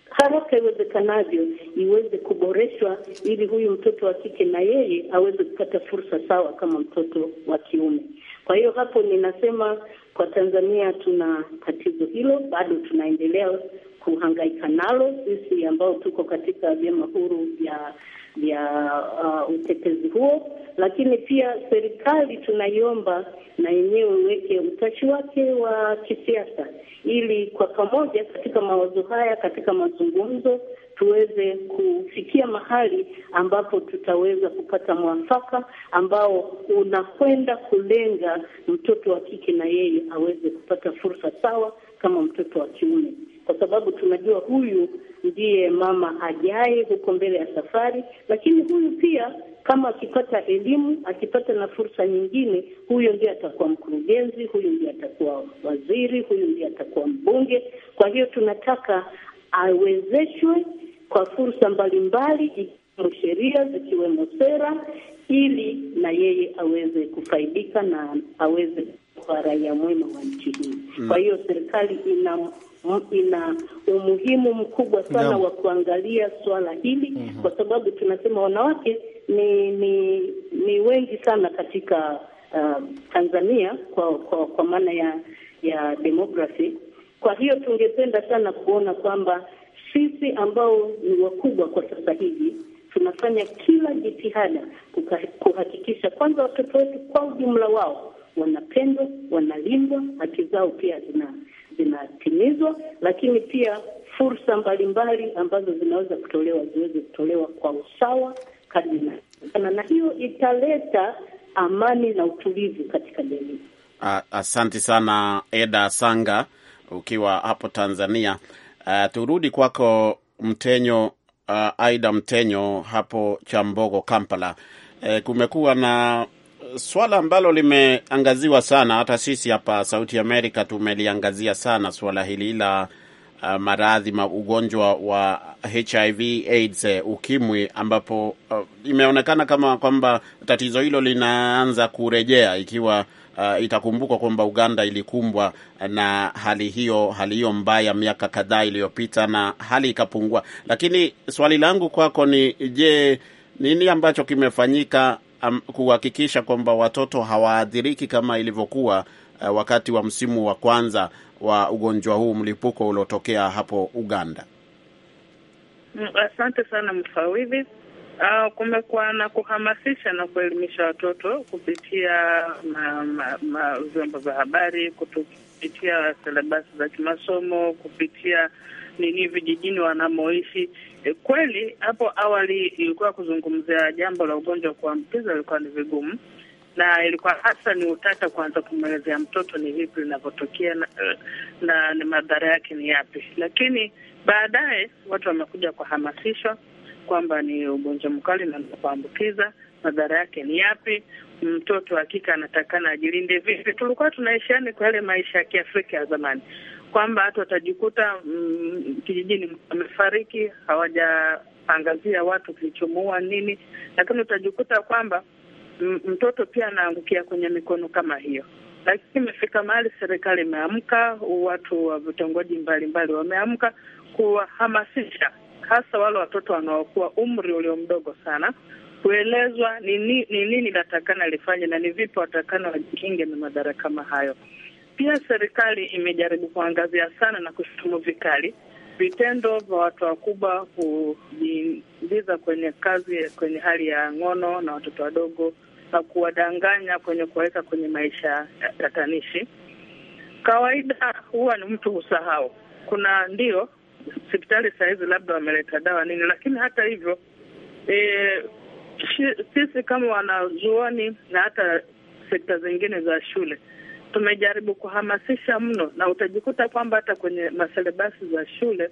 haraka iwezekanavyo iweze kuboreshwa ili huyu mtoto wa kike na yeye aweze kupata fursa sawa kama mtoto wa kiume. Kwa hiyo hapo ninasema kwa Tanzania tuna tatizo hilo, bado tunaendelea kuhangaika nalo sisi ambao tuko katika vyama huru vya vya uh, utetezi huo, lakini pia serikali tunaiomba na yenyewe iweke utashi wake wa kisiasa, ili kwa pamoja katika mawazo haya, katika mazungumzo tuweze kufikia mahali ambapo tutaweza kupata mwafaka ambao unakwenda kulenga mtoto wa kike na yeye aweze kupata fursa sawa kama mtoto wa kiume kwa sababu tunajua huyu ndiye mama ajaye huko mbele ya safari, lakini huyu pia kama akipata elimu, akipata na fursa nyingine, huyo ndiye atakuwa mkurugenzi, huyu ndiye atakuwa waziri, huyu ndiye atakuwa mbunge. Kwa hiyo tunataka awezeshwe kwa fursa mbalimbali, ikiwemo sheria, zikiwemo sera, ili na yeye aweze kufaidika na aweze kuwa raia mwema wa nchi hii. Kwa hiyo serikali ina ina umuhimu mkubwa sana no. wa kuangalia swala hili mm -hmm. kwa sababu tunasema wanawake ni ni ni wengi sana katika uh, Tanzania kwa kwa, kwa maana ya ya demography. Kwa hiyo tungependa sana kuona kwamba sisi ambao ni wakubwa kwa sasa hivi tunafanya kila jitihada kuhakikisha kwanza watoto wetu kwa ujumla wao wanapendwa, wanalindwa, haki zao pia zina zinatimizwa, lakini pia fursa mbalimbali ambazo zinaweza kutolewa ziweze kutolewa kwa usawa kadri na hiyo italeta amani na utulivu katika jamii. Asante sana Eda Sanga, ukiwa hapo Tanzania. Uh, turudi kwako Mtenyo, uh, Aida Mtenyo hapo Chambogo, Kampala. Uh, kumekuwa na swala ambalo limeangaziwa sana, hata sisi hapa Sauti Amerika tumeliangazia sana swala hili la uh, maradhi ma ugonjwa wa HIV AIDS, eh, ukimwi, ambapo uh, imeonekana kama kwamba tatizo hilo linaanza kurejea ikiwa Uh, itakumbukwa kwamba Uganda ilikumbwa eh, na hali hiyo hali hiyo mbaya miaka kadhaa iliyopita na hali ikapungua, lakini swali langu kwako ni je, nini ambacho kimefanyika um, kuhakikisha kwamba watoto hawaathiriki kama ilivyokuwa uh, wakati wa msimu wa kwanza wa ugonjwa huu mlipuko uliotokea hapo Uganda? Mm, asante sana mfawidhi. Uh, kumekuwa na kuhamasisha na kuelimisha watoto kupitia vyombo vya habari, kupitia selebasi za kimasomo, kupitia nini vijijini wanamoishi. E, kweli hapo awali ilikuwa kuzungumzia jambo la ugonjwa wa kuambukiza ilikuwa ni vigumu, na ilikuwa hasa ni utata kuanza kumwelezea mtoto ni vipi linavyotokea na, e, na ni madhara yake ni yapi, lakini baadaye watu wamekuja kuhamasishwa kwamba ni ugonjwa mkali na kuambukiza, madhara yake ni yapi, mtoto hakika anatakana ajilinde vipi. Tulikuwa tunaishani kwa yale maisha ya Kiafrika ya zamani, kwamba watu watajikuta mm, kijijini wamefariki, hawajaangazia watu kilichomuua nini, lakini utajikuta kwamba mm, mtoto pia anaangukia kwenye mikono kama hiyo. Lakini imefika mahali serikali imeamka, watu wa vitongoji mbalimbali wameamka kuwahamasisha hasa wale watoto wanaokuwa umri ulio mdogo sana kuelezwa ni nini natakana lifanye na ni vipi watakana wajikinge na madhara kama hayo. Pia serikali imejaribu kuangazia sana na kushutumu vikali vitendo vya watu wakubwa kujiingiza kwenye kazi, kwenye hali ya ngono na watoto wadogo na kuwadanganya kwenye kuwaweka kwenye maisha tatanishi. Kawaida huwa ni mtu husahau. Kuna ndio hospitali sahizi labda wameleta dawa nini, lakini hata hivyo e, sisi kama wanazuoni na hata sekta zingine za shule tumejaribu kuhamasisha mno, na utajikuta kwamba hata kwenye maselebasi za shule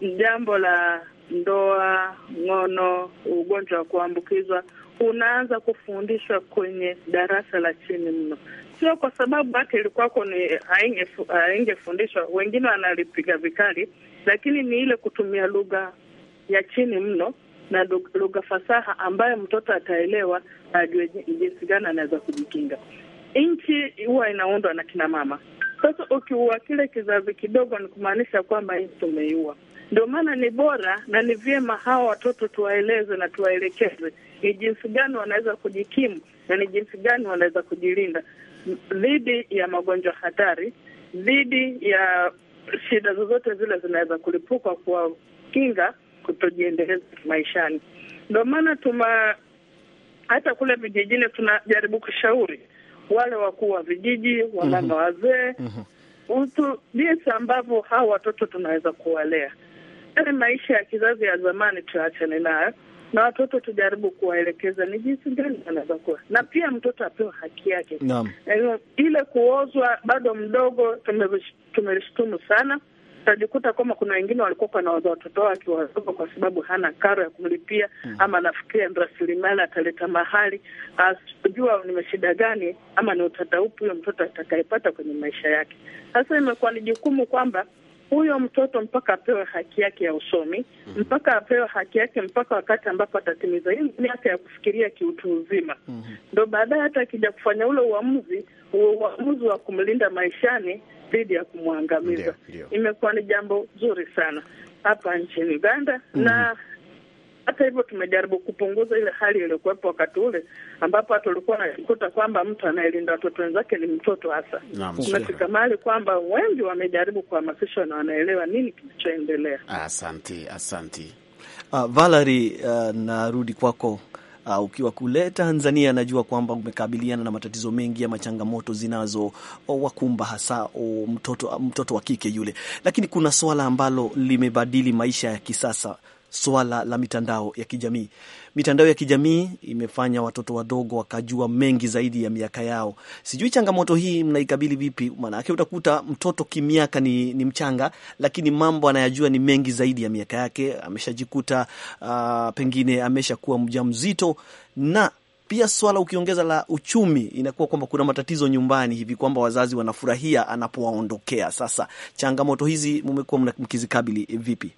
ni jambo la ndoa, ngono, ugonjwa wa kuambukizwa unaanza kufundishwa kwenye darasa la chini mno. Sio kwa sababu hata ilikuwako ni haingefundishwa, wengine wanalipiga vikali, lakini ni ile kutumia lugha ya chini mno na lugha fasaha ambayo mtoto ataelewa, ajue jinsi gani anaweza kujikinga nchi huwa inaundwa na kina mama. Sasa ukiua kile kizazi kidogo, ni kumaanisha kwamba nchi tumeiua. Ndio maana ni bora na ni vyema hawa watoto tuwaeleze na tuwaelekeze ni jinsi gani wanaweza kujikimu na ni jinsi gani wanaweza kujilinda dhidi ya magonjwa hatari, dhidi ya shida zozote zile zinaweza kulipuka, kuwakinga kutojiendeleza maishani. Ndio maana tuma hata kule vijijini tunajaribu kushauri wale wakuu wa vijiji, wamama mhm. wazee, mhm. mtu jinsi ambavyo hawa watoto tunaweza kuwalea. Yaani maisha ya kizazi ya zamani tuachane nayo, na watoto tujaribu kuwaelekeza ni jinsi gani anaweza kuwa, na pia mtoto apewe haki yake. Naam, eh, ile kuozwa bado mdogo tumelishutumu sana utajikuta kwamba kuna wengine walikuwa wanaweza watoto wake akiwa wadogo, kwa sababu hana karo ya kumlipia mm, ama anafikiria rasilimali ataleta mahali, asijua ah, ni shida gani ama ni utata upi huyo mtoto atakayepata kwenye maisha yake. Sasa imekuwa ni jukumu kwamba huyo mtoto mpaka apewe haki yake ya usomi, hmm. mpaka apewe haki yake, mpaka wakati ambapo atatimiza hii miaka ya kufikiria kiutu uzima, hmm. ndo mm -hmm. Baadaye hata akija kufanya ule uamuzi, uamuzi wa kumlinda maishani dhidi ya kumwangamiza, imekuwa ni jambo zuri sana hapa nchini Uganda mm -hmm. na hata hivyo tumejaribu kupunguza ile hali iliyokuwepo wakati ule ambapo hata ulikuwa nakikuta kwamba mtu anayelinda watoto wenzake ni mtoto hasa. Umefika mahali kwamba wengi wamejaribu kuhamasishwa na wanaelewa nini kinachoendelea. Asanti, asanti. Uh, ah, Valerie, uh, narudi kwako uh, ukiwa kule Tanzania, najua kwamba umekabiliana na matatizo mengi ama changamoto zinazo wakumba hasa oh, mtoto, mtoto wa kike yule, lakini kuna swala ambalo limebadili maisha ya kisasa swala la mitandao ya kijamii. Mitandao ya kijamii imefanya watoto wadogo wakajua mengi zaidi ya miaka yao. Sijui changamoto hii mnaikabili vipi? Maanake utakuta mtoto kimiaka ni, ni mchanga, lakini mambo anayajua ni mengi zaidi ya miaka yake. Ameshajikuta uh, pengine ameshakuwa mjamzito na pia swala ukiongeza la uchumi, inakuwa kwamba kuna matatizo nyumbani hivi kwamba wazazi wanafurahia anapowaondokea. Sasa changamoto hizi mumekuwa mkizikabili vipi?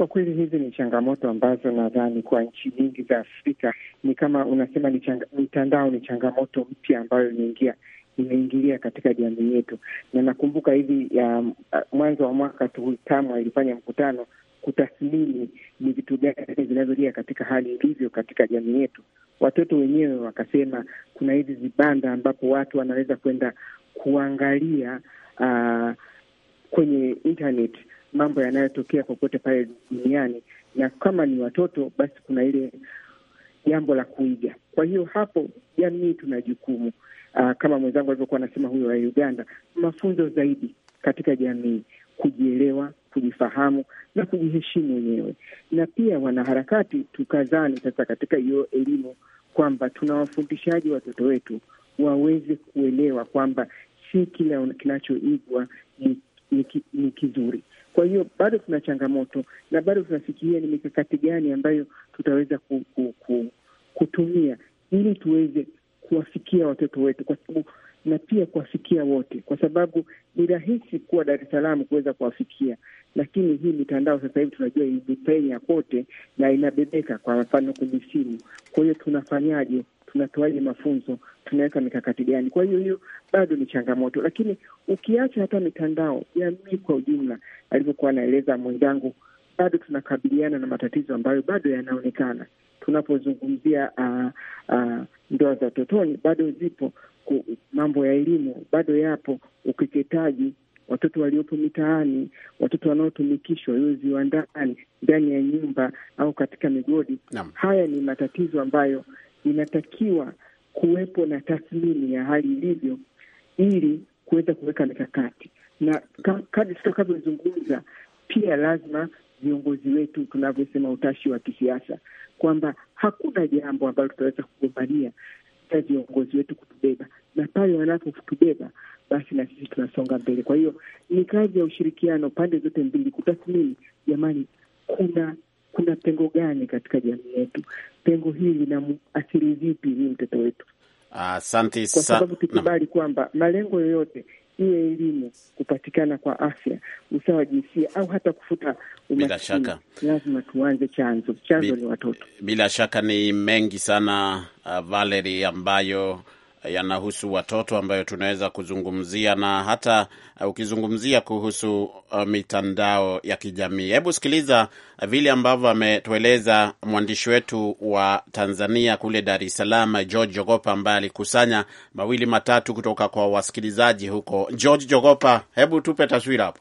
Kwa kweli hizi ni changamoto ambazo nadhani kwa nchi nyingi za Afrika ni kama unasema ni changa, mitandao ni changamoto mpya ambayo imeingia imeingilia katika jamii yetu, na nakumbuka hivi um, uh, mwanzo wa mwaka tu TAMWA ilifanya mkutano kutathmini ni vitu gani vinavyolia katika hali ilivyo katika jamii yetu. Watoto wenyewe wakasema kuna hivi vibanda ambapo watu wanaweza kwenda kuangalia uh, kwenye internet mambo yanayotokea popote pale duniani, na kama ni watoto basi kuna ile jambo la kuiga. Kwa hiyo hapo jamii tuna jukumu aa, ah, kama mwenzangu alivyokuwa anasema huyo wa Uganda, mafunzo zaidi katika jamii, kujielewa, kujifahamu na kujiheshimu wenyewe, na pia wanaharakati tukazani sasa katika hiyo elimu kwamba tunawafundishaji watoto wetu waweze kuelewa kwamba si kila kinachoigwa ni, ni, ni kizuri. Kwa hiyo bado tuna changamoto na bado tunafikiria ni mikakati gani ambayo tutaweza ku, ku, ku, kutumia ili tuweze kuwafikia watoto wetu, kwa sababu na pia kuwafikia wote, kwa sababu ni rahisi kuwa Dar es Salaam kuweza kuwafikia, lakini hii mitandao sasa hivi tunajua imepenya kote na inabebeka, kwa mfano kwenye simu. Kwa hiyo tunafanyaje tunatoaje mafunzo, tunaweka mikakati gani? Kwa hiyo hiyo bado ni changamoto, lakini ukiacha hata mitandao, jamii kwa ujumla, alivyokuwa anaeleza mwenzangu, bado tunakabiliana na matatizo ambayo bado yanaonekana tunapozungumzia uh, uh, ndoa za totoni bado zipo. Mambo ya elimu bado yapo, ukeketaji, watoto waliopo mitaani, watoto wanaotumikishwa iwe viwandani, ndani ya nyumba au katika migodi. Naam. Haya ni matatizo ambayo inatakiwa kuwepo na tathmini ya hali ilivyo ili kuweza kuweka mikakati, na kadri tutakavyozungumza, pia lazima viongozi wetu tunavyosema utashi wa kisiasa, kwamba hakuna jambo ambalo tutaweza kugombania a viongozi wetu kutubeba, na pale wanapotubeba basi na sisi tunasonga mbele. Kwa hiyo ni kazi ya ushirikiano pande zote mbili kutathmini, jamani, kuna kuna pengo gani katika jamii yetu? Pengo hili linaathiri vipi hii mtoto wetu? Asante sana, kwa sababu tukubali kwamba malengo yoyote iwe elimu, kupatikana kwa afya, usawa wa jinsia au hata kufuta bila shaka lazima tuanze chanzo. Chanzo ni watoto. Bila shaka ni mengi sana, uh, Valerie ambayo yanahusu watoto ambayo tunaweza kuzungumzia na hata uh, ukizungumzia kuhusu uh, mitandao ya kijamii. Hebu sikiliza uh, vile ambavyo ametueleza mwandishi wetu wa Tanzania kule Dar es Salaam, George Jogopa, ambaye alikusanya mawili matatu kutoka kwa wasikilizaji huko. George Jogopa, hebu tupe taswira hapo.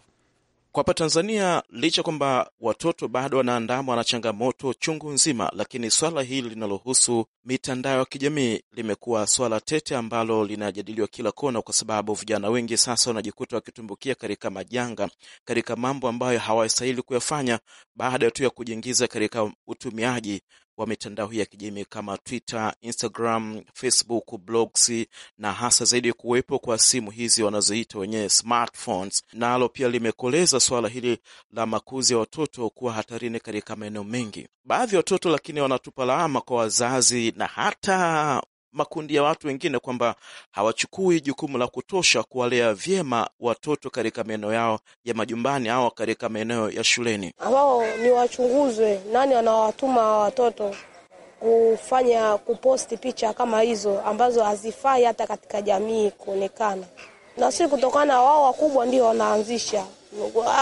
Kwa hapa Tanzania, licha kwamba watoto bado wanaandamwa na changamoto chungu nzima, lakini swala hili linalohusu mitandao ya kijamii limekuwa swala tete ambalo linajadiliwa kila kona, kwa sababu vijana wengi sasa wanajikuta wakitumbukia katika majanga, katika mambo ambayo hawastahili kuyafanya baada tu ya kujiingiza katika utumiaji wa mitandao hii ya kijamii kama Twitter, Instagram, Facebook, blogs na hasa zaidi kuwepo kwa simu hizi wanazoita wenyewe smartphones, nalo na pia limekoleza suala hili la makuzi ya watoto kuwa hatarini katika maeneo mengi. Baadhi ya watoto lakini wanatupa lawama kwa wazazi na hata makundi ya watu wengine kwamba hawachukui jukumu la kutosha kuwalea vyema watoto katika maeneo yao ya majumbani au katika maeneo ya shuleni. ambao ni wachunguzwe, nani wanawatuma watoto kufanya kuposti picha kama hizo ambazo hazifai hata katika jamii kuonekana, na si kutokana wao wakubwa ndio wanaanzisha.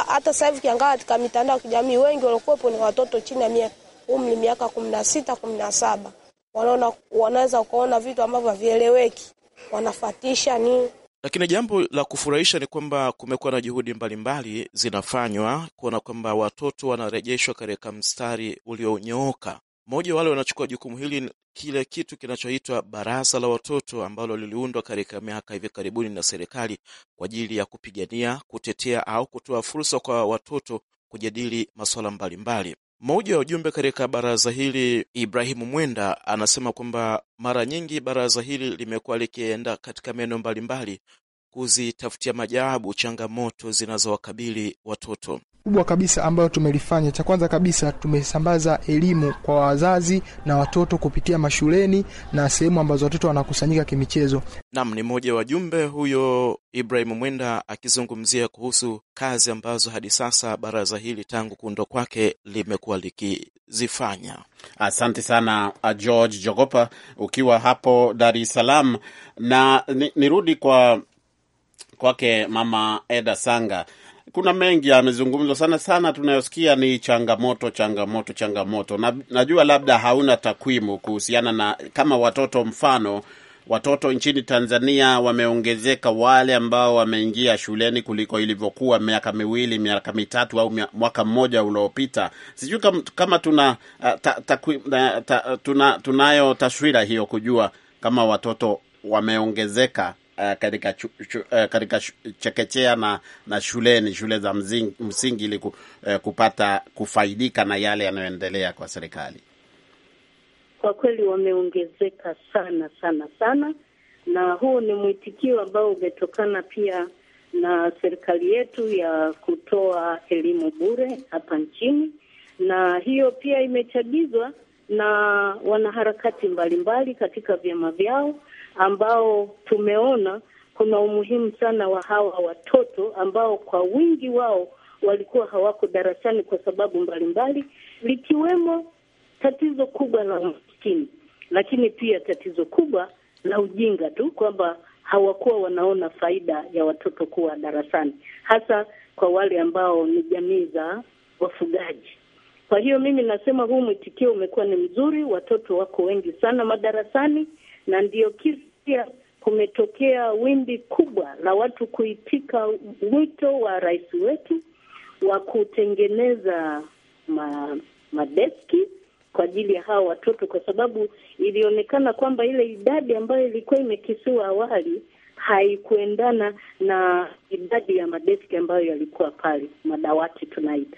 Hata sasa hivi kiangaa katika mitandao ya kijamii wengi waliokuwepo ni watoto chini ya umri miaka kumi na sita kumi na saba wanaona wanaweza kuona vitu ambavyo havieleweki, wanafatisha nini. Lakini jambo la kufurahisha ni kwamba kumekuwa na juhudi mbalimbali zinafanywa kuona kwamba watoto wanarejeshwa katika mstari ulionyooka. Mmoja wale wanachukua jukumu hili kile kitu kinachoitwa baraza la watoto ambalo liliundwa katika miaka hivi karibuni na serikali kwa ajili ya kupigania, kutetea au kutoa fursa kwa watoto kujadili masuala mbalimbali. Mmoja wa ujumbe katika baraza hili Ibrahimu Mwenda anasema kwamba mara nyingi baraza hili limekuwa likienda katika maeneo mbalimbali kuzitafutia majawabu changamoto zinazowakabili watoto kubwa kabisa ambayo tumelifanya, cha kwanza kabisa tumesambaza elimu kwa wazazi na watoto kupitia mashuleni na sehemu ambazo watoto wanakusanyika kimichezo. nam ni mmoja wa jumbe huyo Ibrahim Mwenda akizungumzia kuhusu kazi ambazo hadi sasa baraza hili tangu kuundwa kwake limekuwa likizifanya. Asante sana uh, George Jogopa ukiwa hapo Dar es Salaam, na nirudi kwa kwake Mama Eda Sanga kuna mengi yamezungumzwa, sana sana tunayosikia ni changamoto, changamoto, changamoto. Na, najua labda hauna takwimu kuhusiana na kama watoto, mfano watoto nchini Tanzania wameongezeka wale ambao wameingia shuleni kuliko ilivyokuwa miaka miwili, miaka mitatu au mwaka mmoja uliopita. Sijui kama, kama tuna, uh, ta, ta, uh, ta, tuna tunayo taswira hiyo kujua kama watoto wameongezeka uh, katika eh, chekechea na, na shuleni shule za mzingi, msingi ili ku, uh, kupata kufaidika na yale yanayoendelea kwa serikali? Kwa kweli wameongezeka sana sana sana, na huu ni mwitikio ambao umetokana pia na serikali yetu ya kutoa elimu bure hapa nchini, na hiyo pia imechagizwa na wanaharakati mbalimbali mbali katika vyama vyao ambao tumeona kuna umuhimu sana wa hawa watoto ambao kwa wingi wao walikuwa hawako darasani kwa sababu mbalimbali, likiwemo tatizo kubwa la umaskini, lakini pia tatizo kubwa la ujinga tu kwamba hawakuwa wanaona faida ya watoto kuwa darasani, hasa kwa wale ambao ni jamii za wafugaji. Kwa hiyo mimi nasema huu mwitikio umekuwa ni mzuri, watoto wako wengi sana madarasani, na ndiyo kisa pia kumetokea wimbi kubwa la watu kuitika mwito wa rais wetu wa kutengeneza ma, madeski kwa ajili ya hawa watoto, kwa sababu ilionekana kwamba ile idadi ambayo ilikuwa imekisiwa awali haikuendana na idadi ya madeski ambayo yalikuwa pale, madawati tunaita,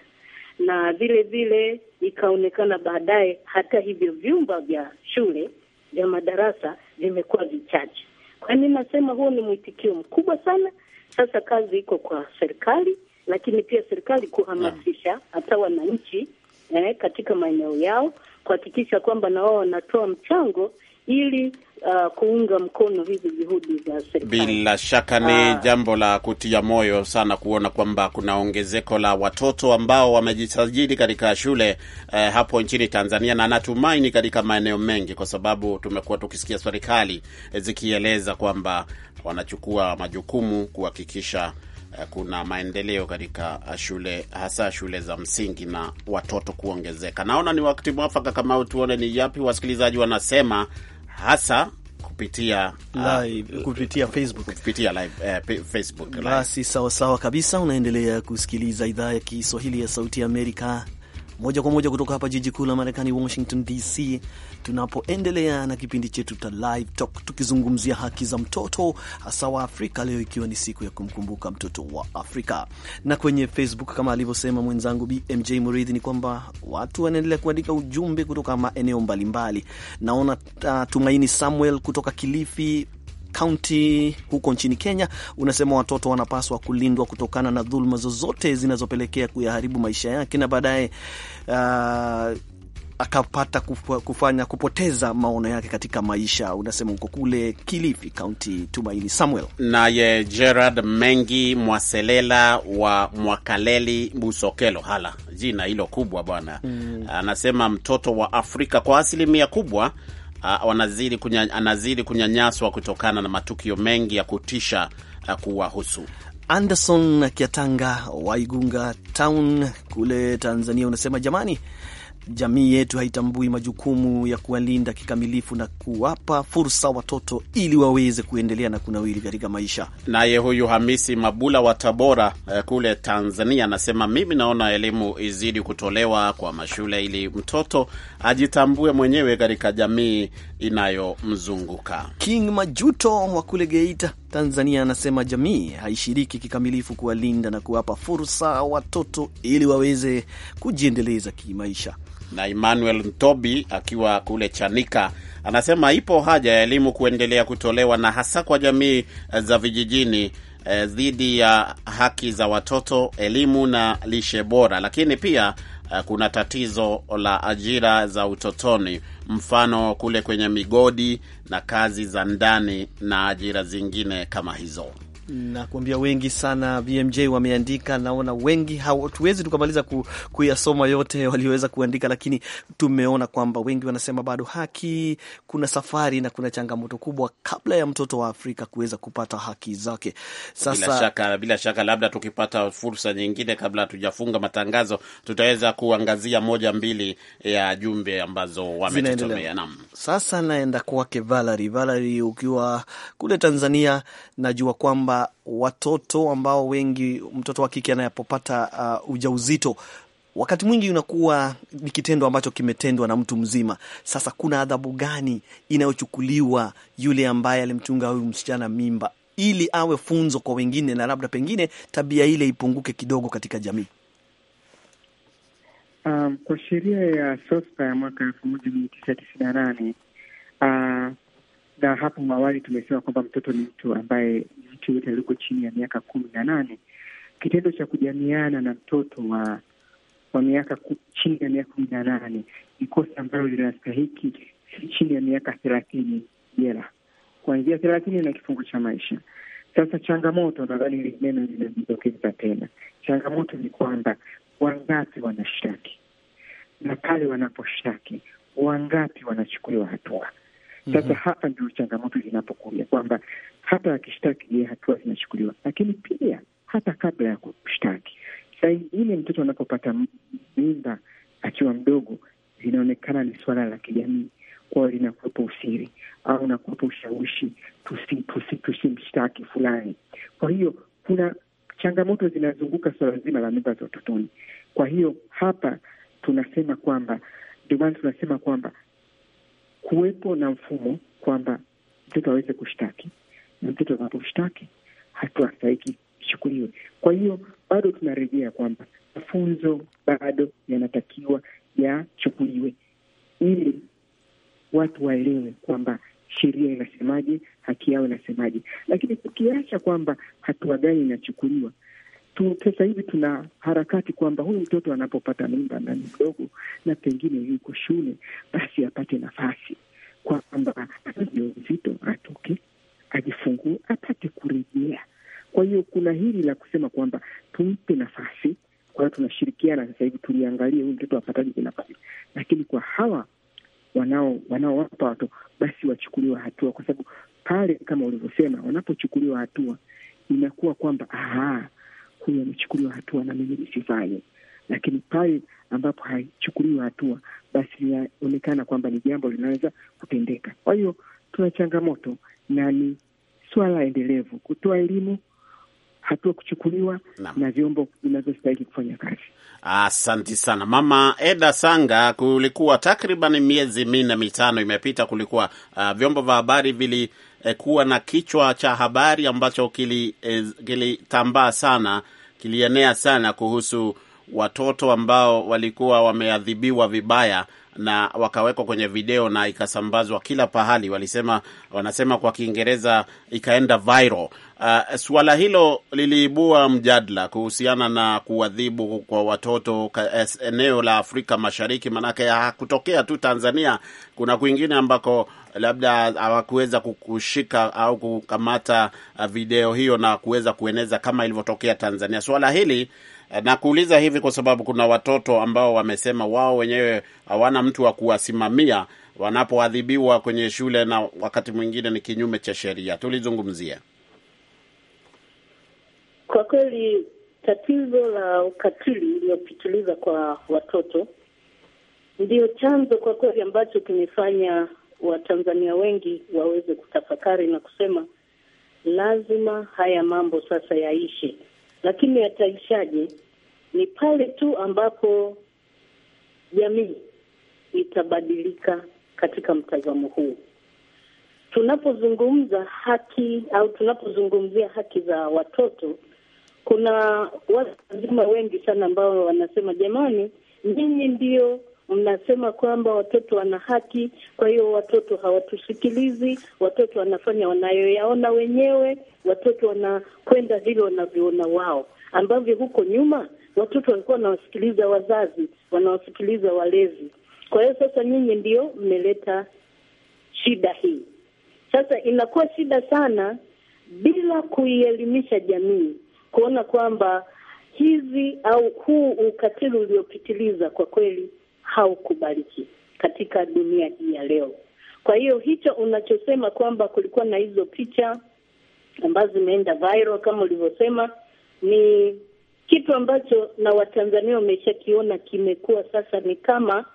na vile vile ikaonekana baadaye hata hivyo vyumba vya shule vya madarasa vimekuwa vichache. Kwa hiyo mi nasema huo ni mwitikio mkubwa sana. Sasa kazi iko kwa serikali, lakini pia serikali kuhamasisha hata wananchi eh, katika maeneo yao kuhakikisha kwamba na wao wanatoa mchango ili uh, kuunga mkono hizi juhudi za serikali. Bila shaka ni uh, jambo la kutia moyo sana kuona kwamba kuna ongezeko la watoto ambao wamejisajili katika shule eh, hapo nchini Tanzania na natumaini katika maeneo mengi, kwa sababu tumekuwa tukisikia serikali eh, zikieleza kwamba wanachukua majukumu kuhakikisha eh, kuna maendeleo katika eh, shule hasa shule za msingi na watoto kuongezeka. Naona ni wakati mwafaka kama tuone ni yapi wasikilizaji wanasema hasa kupitia uh, live, uh, kupitia Facebook, kupitia live, uh, Facebook live. Basi sawa sawa kabisa, unaendelea kusikiliza idhaa ya Kiswahili ya Sauti ya Amerika moja kwa moja kutoka hapa jiji kuu la Marekani, Washington DC, tunapoendelea na kipindi chetu cha Live Talk tukizungumzia haki za mtoto hasa wa Afrika, leo ikiwa ni siku ya kumkumbuka mtoto wa Afrika. Na kwenye Facebook kama alivyosema mwenzangu BMJ Muridhi, ni kwamba watu wanaendelea kuandika ujumbe kutoka maeneo mbalimbali. Naona uh, Tumaini Samuel kutoka Kilifi kaunti huko nchini Kenya unasema watoto wanapaswa kulindwa kutokana na dhuluma zozote zinazopelekea kuyaharibu maisha yake na baadaye uh, akapata kufanya kupoteza maono yake katika maisha. Unasema huko kule Kilifi kaunti Tumaini Samuel. Naye Gerard Mengi Mwaselela wa Mwakaleli Busokelo, hala jina hilo kubwa bwana mm. Anasema mtoto wa Afrika kwa asilimia kubwa Ah, wanazidi kunya, anazidi kunyanyaswa kutokana na matukio mengi ya kutisha uh, kuwahusu. Anderson Kiatanga Waigunga Town kule Tanzania unasema jamani jamii yetu haitambui majukumu ya kuwalinda kikamilifu na kuwapa fursa watoto ili waweze kuendelea na kunawili katika maisha. Naye huyu Hamisi Mabula wa Tabora eh, kule Tanzania anasema mimi naona elimu izidi kutolewa kwa mashule ili mtoto ajitambue mwenyewe katika jamii inayomzunguka. King Majuto wa kule Geita Tanzania anasema jamii haishiriki kikamilifu kuwalinda na kuwapa fursa watoto ili waweze kujiendeleza kimaisha na Emmanuel Ntobi akiwa kule Chanika anasema ipo haja ya elimu kuendelea kutolewa na hasa kwa jamii eh, za vijijini eh, dhidi ya haki za watoto, elimu na lishe bora, lakini pia eh, kuna tatizo la ajira za utotoni, mfano kule kwenye migodi na kazi za ndani na ajira zingine kama hizo. Nakuambia wengi sana BMJ wameandika, naona wengi hatuwezi tukamaliza ku, kuyasoma yote walioweza kuandika, lakini tumeona kwamba wengi wanasema bado haki, kuna safari na kuna changamoto kubwa kabla ya mtoto wa Afrika kuweza kupata haki zake. Sasa bila shaka, bila shaka, labda tukipata fursa nyingine kabla hatujafunga matangazo tutaweza kuangazia moja mbili ya jumbe ambazo wametutumia. Naam, sasa naenda kwake Valerie. Valerie, ukiwa kule Tanzania najua kwamba watoto ambao wengi, mtoto wa kike anapopata uh, ujauzito wakati mwingi unakuwa ni kitendo ambacho kimetendwa na mtu mzima. Sasa kuna adhabu gani inayochukuliwa yule ambaye alimchunga huyu msichana mimba, ili awe funzo kwa wengine na labda pengine tabia ile ipunguke kidogo katika jamii? Um, kwa sheria ya SOSPA ya mwaka elfu moja mia tisa tisini na nane uh, na hapo awali tumesema kwamba mtoto ni mtu ambaye mtu yote aliko chini ya miaka kumi na nane. Kitendo cha kujamiana na mtoto wa wa miaka chini ya miaka kumi na nane ni kosa ambalo linastahiki chini ya miaka thelathini jela, kuanzia thelathini na kifungo cha maisha. Sasa changamoto, nadhani hili neno linajitokeza tena, changamoto ni kwamba wangapi wanashtaki, na pale wanaposhtaki wangapi wanachukuliwa hatua sasa mm -hmm. hapa ndio changamoto zinapokuja kwamba hata akishtaki, je, hatua zinachukuliwa? Lakini pia hata kabla ya kushtaki, saa ingine mtoto anapopata mimba akiwa mdogo, zinaonekana ni suala la kijamii kwao, linakuwepo usiri au nakuwepo ushawishi, tusimshtaki fulani. Kwa hiyo kuna changamoto zinazunguka suala zima la mimba za utotoni. Kwa hiyo hapa tunasema kwamba, ndio maana tunasema kwamba kuwepo na mfumo kwamba mtoto aweze kushtaki, na mtoto anaposhtaki hatua stahiki ichukuliwe. Kwa hiyo bado tunarejea kwamba mafunzo bado yanatakiwa yachukuliwe, ili watu waelewe kwamba sheria inasemaje, haki yao inasemaje. Lakini tukiacha kwamba hatua gani inachukuliwa sasa hivi tuna harakati kwamba huyu mtoto anapopata mimba na ni mdogo na pengine yuko shule, basi apate nafasi kwamba mzito atoke, ajifungue, apate kurejea. Kwa hiyo kuna hili la kusema kwamba tumpe nafasi. Kwa hiyo tunashirikiana sasa hivi tuliangalie huyu mtoto apataje nafasi, lakini kwa hawa wanao wanaowapa watoto basi wachukuliwa hatua, kwa sababu pale kama ulivyosema, wanapochukuliwa hatua inakuwa kwamba aha kweli yamechukuliwa hatua na mimi nisifanye, lakini pale ambapo haichukuliwa hatua, basi linaonekana kwamba ni jambo linaweza kutendeka. Kwa hiyo tuna changamoto na ni swala endelevu, kutoa elimu hatua kuchukuliwa na, na vyombo vinavyostahili kufanya kazi. Asante sana Mama Eda Sanga. Kulikuwa takriban miezi minne mitano imepita, kulikuwa uh, vyombo vya habari vilikuwa eh, na kichwa cha habari ambacho eh, kilitambaa eh, kili sana kilienea sana kuhusu watoto ambao walikuwa wameadhibiwa vibaya na wakawekwa kwenye video na ikasambazwa kila pahali, walisema wanasema kwa Kiingereza ikaenda viral. Uh, suala hilo liliibua mjadala kuhusiana na kuadhibu kwa watoto eneo la Afrika Mashariki, maanake hakutokea tu Tanzania, kuna kwingine ambako labda hawakuweza kushika au kukamata uh, video hiyo na kuweza kueneza kama ilivyotokea Tanzania. Suala hili na kuuliza hivi kwa sababu kuna watoto ambao wamesema wao wenyewe hawana mtu wa kuwasimamia wanapoadhibiwa kwenye shule, na wakati mwingine ni kinyume cha sheria. Tulizungumzia kwa kweli tatizo la ukatili uliopitiliza kwa watoto ndio chanzo kwa kweli ambacho kimefanya Watanzania wengi waweze kutafakari na kusema lazima haya mambo sasa yaishe. Lakini yataishaje? Ni pale tu ambapo jamii itabadilika katika mtazamo huu. Tunapozungumza haki au tunapozungumzia haki za watoto, kuna watu wazima wengi sana ambao wanasema jamani, nyinyi ndio mnasema kwamba watoto wana haki, kwa hiyo watoto hawatusikilizi, watoto wanafanya wanayoyaona wenyewe, watoto wanakwenda vile wanavyoona wao, ambavyo huko nyuma watoto walikuwa wanawasikiliza wazazi, wanawasikiliza walezi. Kwa hiyo sasa nyinyi ndio mmeleta shida hii. Sasa inakuwa shida sana bila kuielimisha jamii kuona kwamba hizi au huu ukatili uliopitiliza kwa kweli haukubaliki katika dunia hii ya leo. Kwa hiyo hicho unachosema kwamba kulikuwa na hizo picha ambazo zimeenda viral kama ulivyosema, ni kitu ambacho na Watanzania wameshakiona, kimekuwa sasa ni kama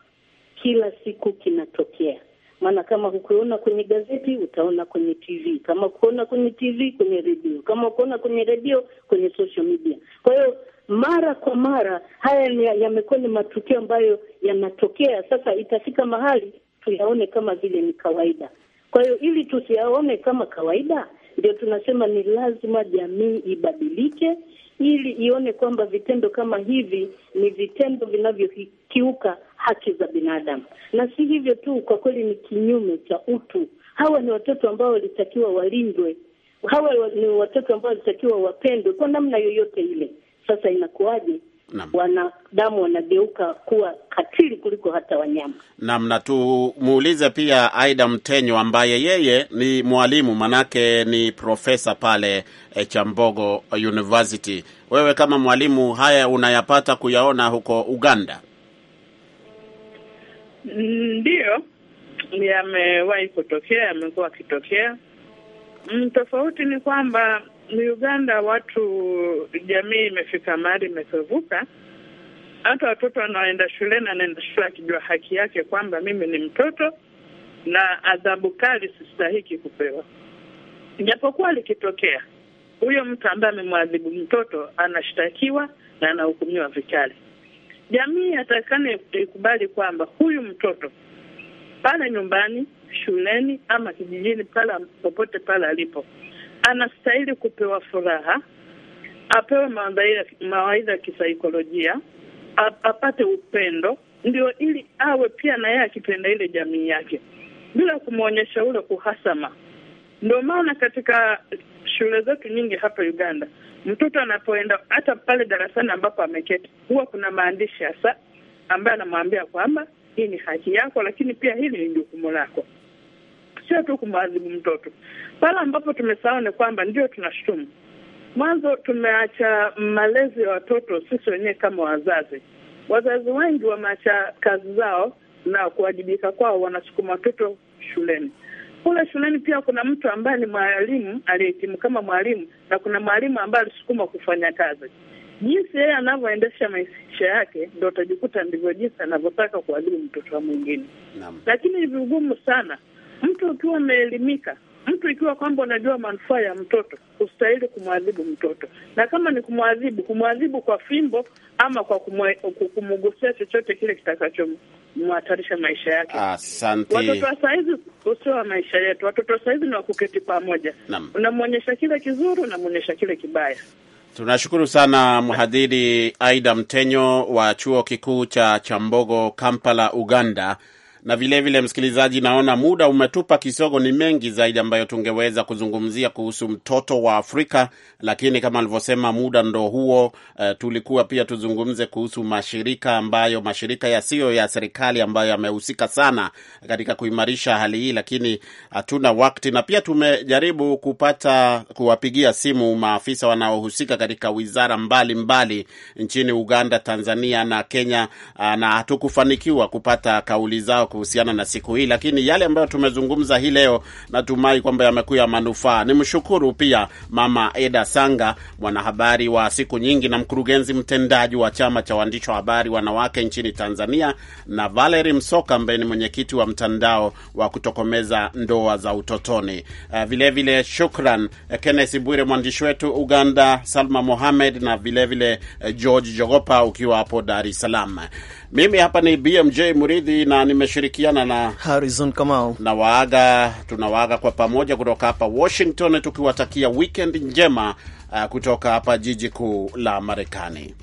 kila siku kinatokea maana kama ukiona kwenye gazeti utaona kwenye TV, kama ukiona kwenye TV kwenye redio, kama ukiona kwenye redio kwenye social media. Kwa hiyo mara kwa mara haya yamekuwa ni matukio ambayo yanatokea. Sasa itafika mahali tuyaone kama vile ni kawaida. Kwa hiyo ili tusiyaone kama kawaida, ndio tunasema ni lazima jamii ibadilike, ili ione kwamba vitendo kama hivi ni vitendo vinavyokiuka haki za binadamu, na si hivyo tu, kwa kweli ni kinyume cha utu. Hawa ni watoto ambao walitakiwa walindwe, hawa ni watoto ambao walitakiwa wapendwe kwa namna yoyote ile. Sasa inakuwaje? Wanadamu wanageuka kuwa katili kuliko hata wanyama. Naam, na tumuulize pia Aida Mtenyo ambaye yeye ni mwalimu, manake ni profesa pale e, Chambogo University. Wewe kama mwalimu, haya unayapata kuyaona huko Uganda? Ndiyo, yamewahi kutokea, yamekuwa akitokea. Mm, tofauti ni kwamba Uganda watu jamii imefika mahali imepevuka, hata watoto wanaoenda shuleni, anaenda shule akijua haki yake kwamba mimi ni mtoto na adhabu kali sistahiki kupewa. Japokuwa likitokea huyo mtu ambaye amemwadhibu mtoto anashtakiwa na anahukumiwa vikali jamii atakane ikubali kwamba huyu mtoto pale nyumbani, shuleni ama kijijini, pale popote pale alipo, anastahili kupewa furaha, apewe mawaidha ya kisaikolojia, apate upendo, ndio ili awe pia na yeye akipenda ile jamii yake bila kumwonyesha ule uhasama. Ndio maana katika shule zetu nyingi hapa Uganda mtoto anapoenda hata pale darasani ambapo ameketi, huwa kuna maandishi hasa ambayo anamwambia kwamba hii ni haki yako, lakini pia hili ni jukumu lako, sio tu kumwadhibu mtoto. Pale ambapo tumesahau ni kwamba ndio tunashutumu mwanzo, tumeacha malezi ya watoto sisi wenyewe kama wazazi. Wazazi wengi wameacha kazi zao na kuwajibika kwao, wanasukuma watoto shuleni kule shuleni pia kuna mtu ambaye ni mwalimu aliyehitimu kama mwalimu, na kuna mwalimu ambaye alisukuma kufanya kazi. Jinsi yeye anavyoendesha maisha yake, ndo utajikuta ndivyo jinsi anavyotaka kuadili mtoto wa mwingine. Lakini ni vigumu sana mtu ukiwa umeelimika, mtu ikiwa kwamba unajua manufaa ya mtoto, ustahili kumwadhibu mtoto, na kama ni kumwadhibu, kumwadhibu kwa fimbo ama kwa kumwe, kumugusia chochote kile kitakacho mhatarisha maisha yake. Asante. Watoto wa saizi usio wa maisha yetu, watoto wa saizi ni wakuketi pamoja, unamwonyesha kile kizuri, unamwonyesha kile kibaya. Tunashukuru sana mhadhiri Aida Mtenyo wa chuo kikuu cha Chambogo, Kampala, Uganda na vilevile vile, msikilizaji, naona muda umetupa kisogo. Ni mengi zaidi ambayo tungeweza kuzungumzia kuhusu mtoto wa Afrika, lakini kama alivyosema muda ndo huo. Uh, tulikuwa pia tuzungumze kuhusu mashirika ambayo mashirika yasiyo ya serikali ambayo yamehusika sana katika kuimarisha hali hii, lakini hatuna wakati, na pia tumejaribu kupata kuwapigia simu maafisa wanaohusika katika wizara mbalimbali mbali, nchini Uganda, Tanzania na Kenya, eh, na hatukufanikiwa kupata kauli zao kuhusiana na siku hii, lakini yale ambayo tumezungumza hii leo natumai kwamba yamekuya manufaa. Ni mshukuru pia Mama Eda Sanga, mwanahabari wa siku nyingi na mkurugenzi mtendaji wa chama cha waandishi wa habari wanawake nchini Tanzania, na Valerie Msoka ambaye ni mwenyekiti wa mtandao wa kutokomeza ndoa za utotoni. Vilevile eh, uh, vile shukran uh, Kenneth Bwire mwandishi wetu Uganda, Salma Mohamed na vilevile vile, uh, George Jogopa ukiwa hapo Dar es Salaam. Mimi hapa ni BMJ Muridhi na nimeshiriki kushirikiana na Harrison Kamau na waaga, tunawaaga kwa pamoja kutoka hapa Washington tukiwatakia weekend njema uh, kutoka hapa jiji kuu la Marekani.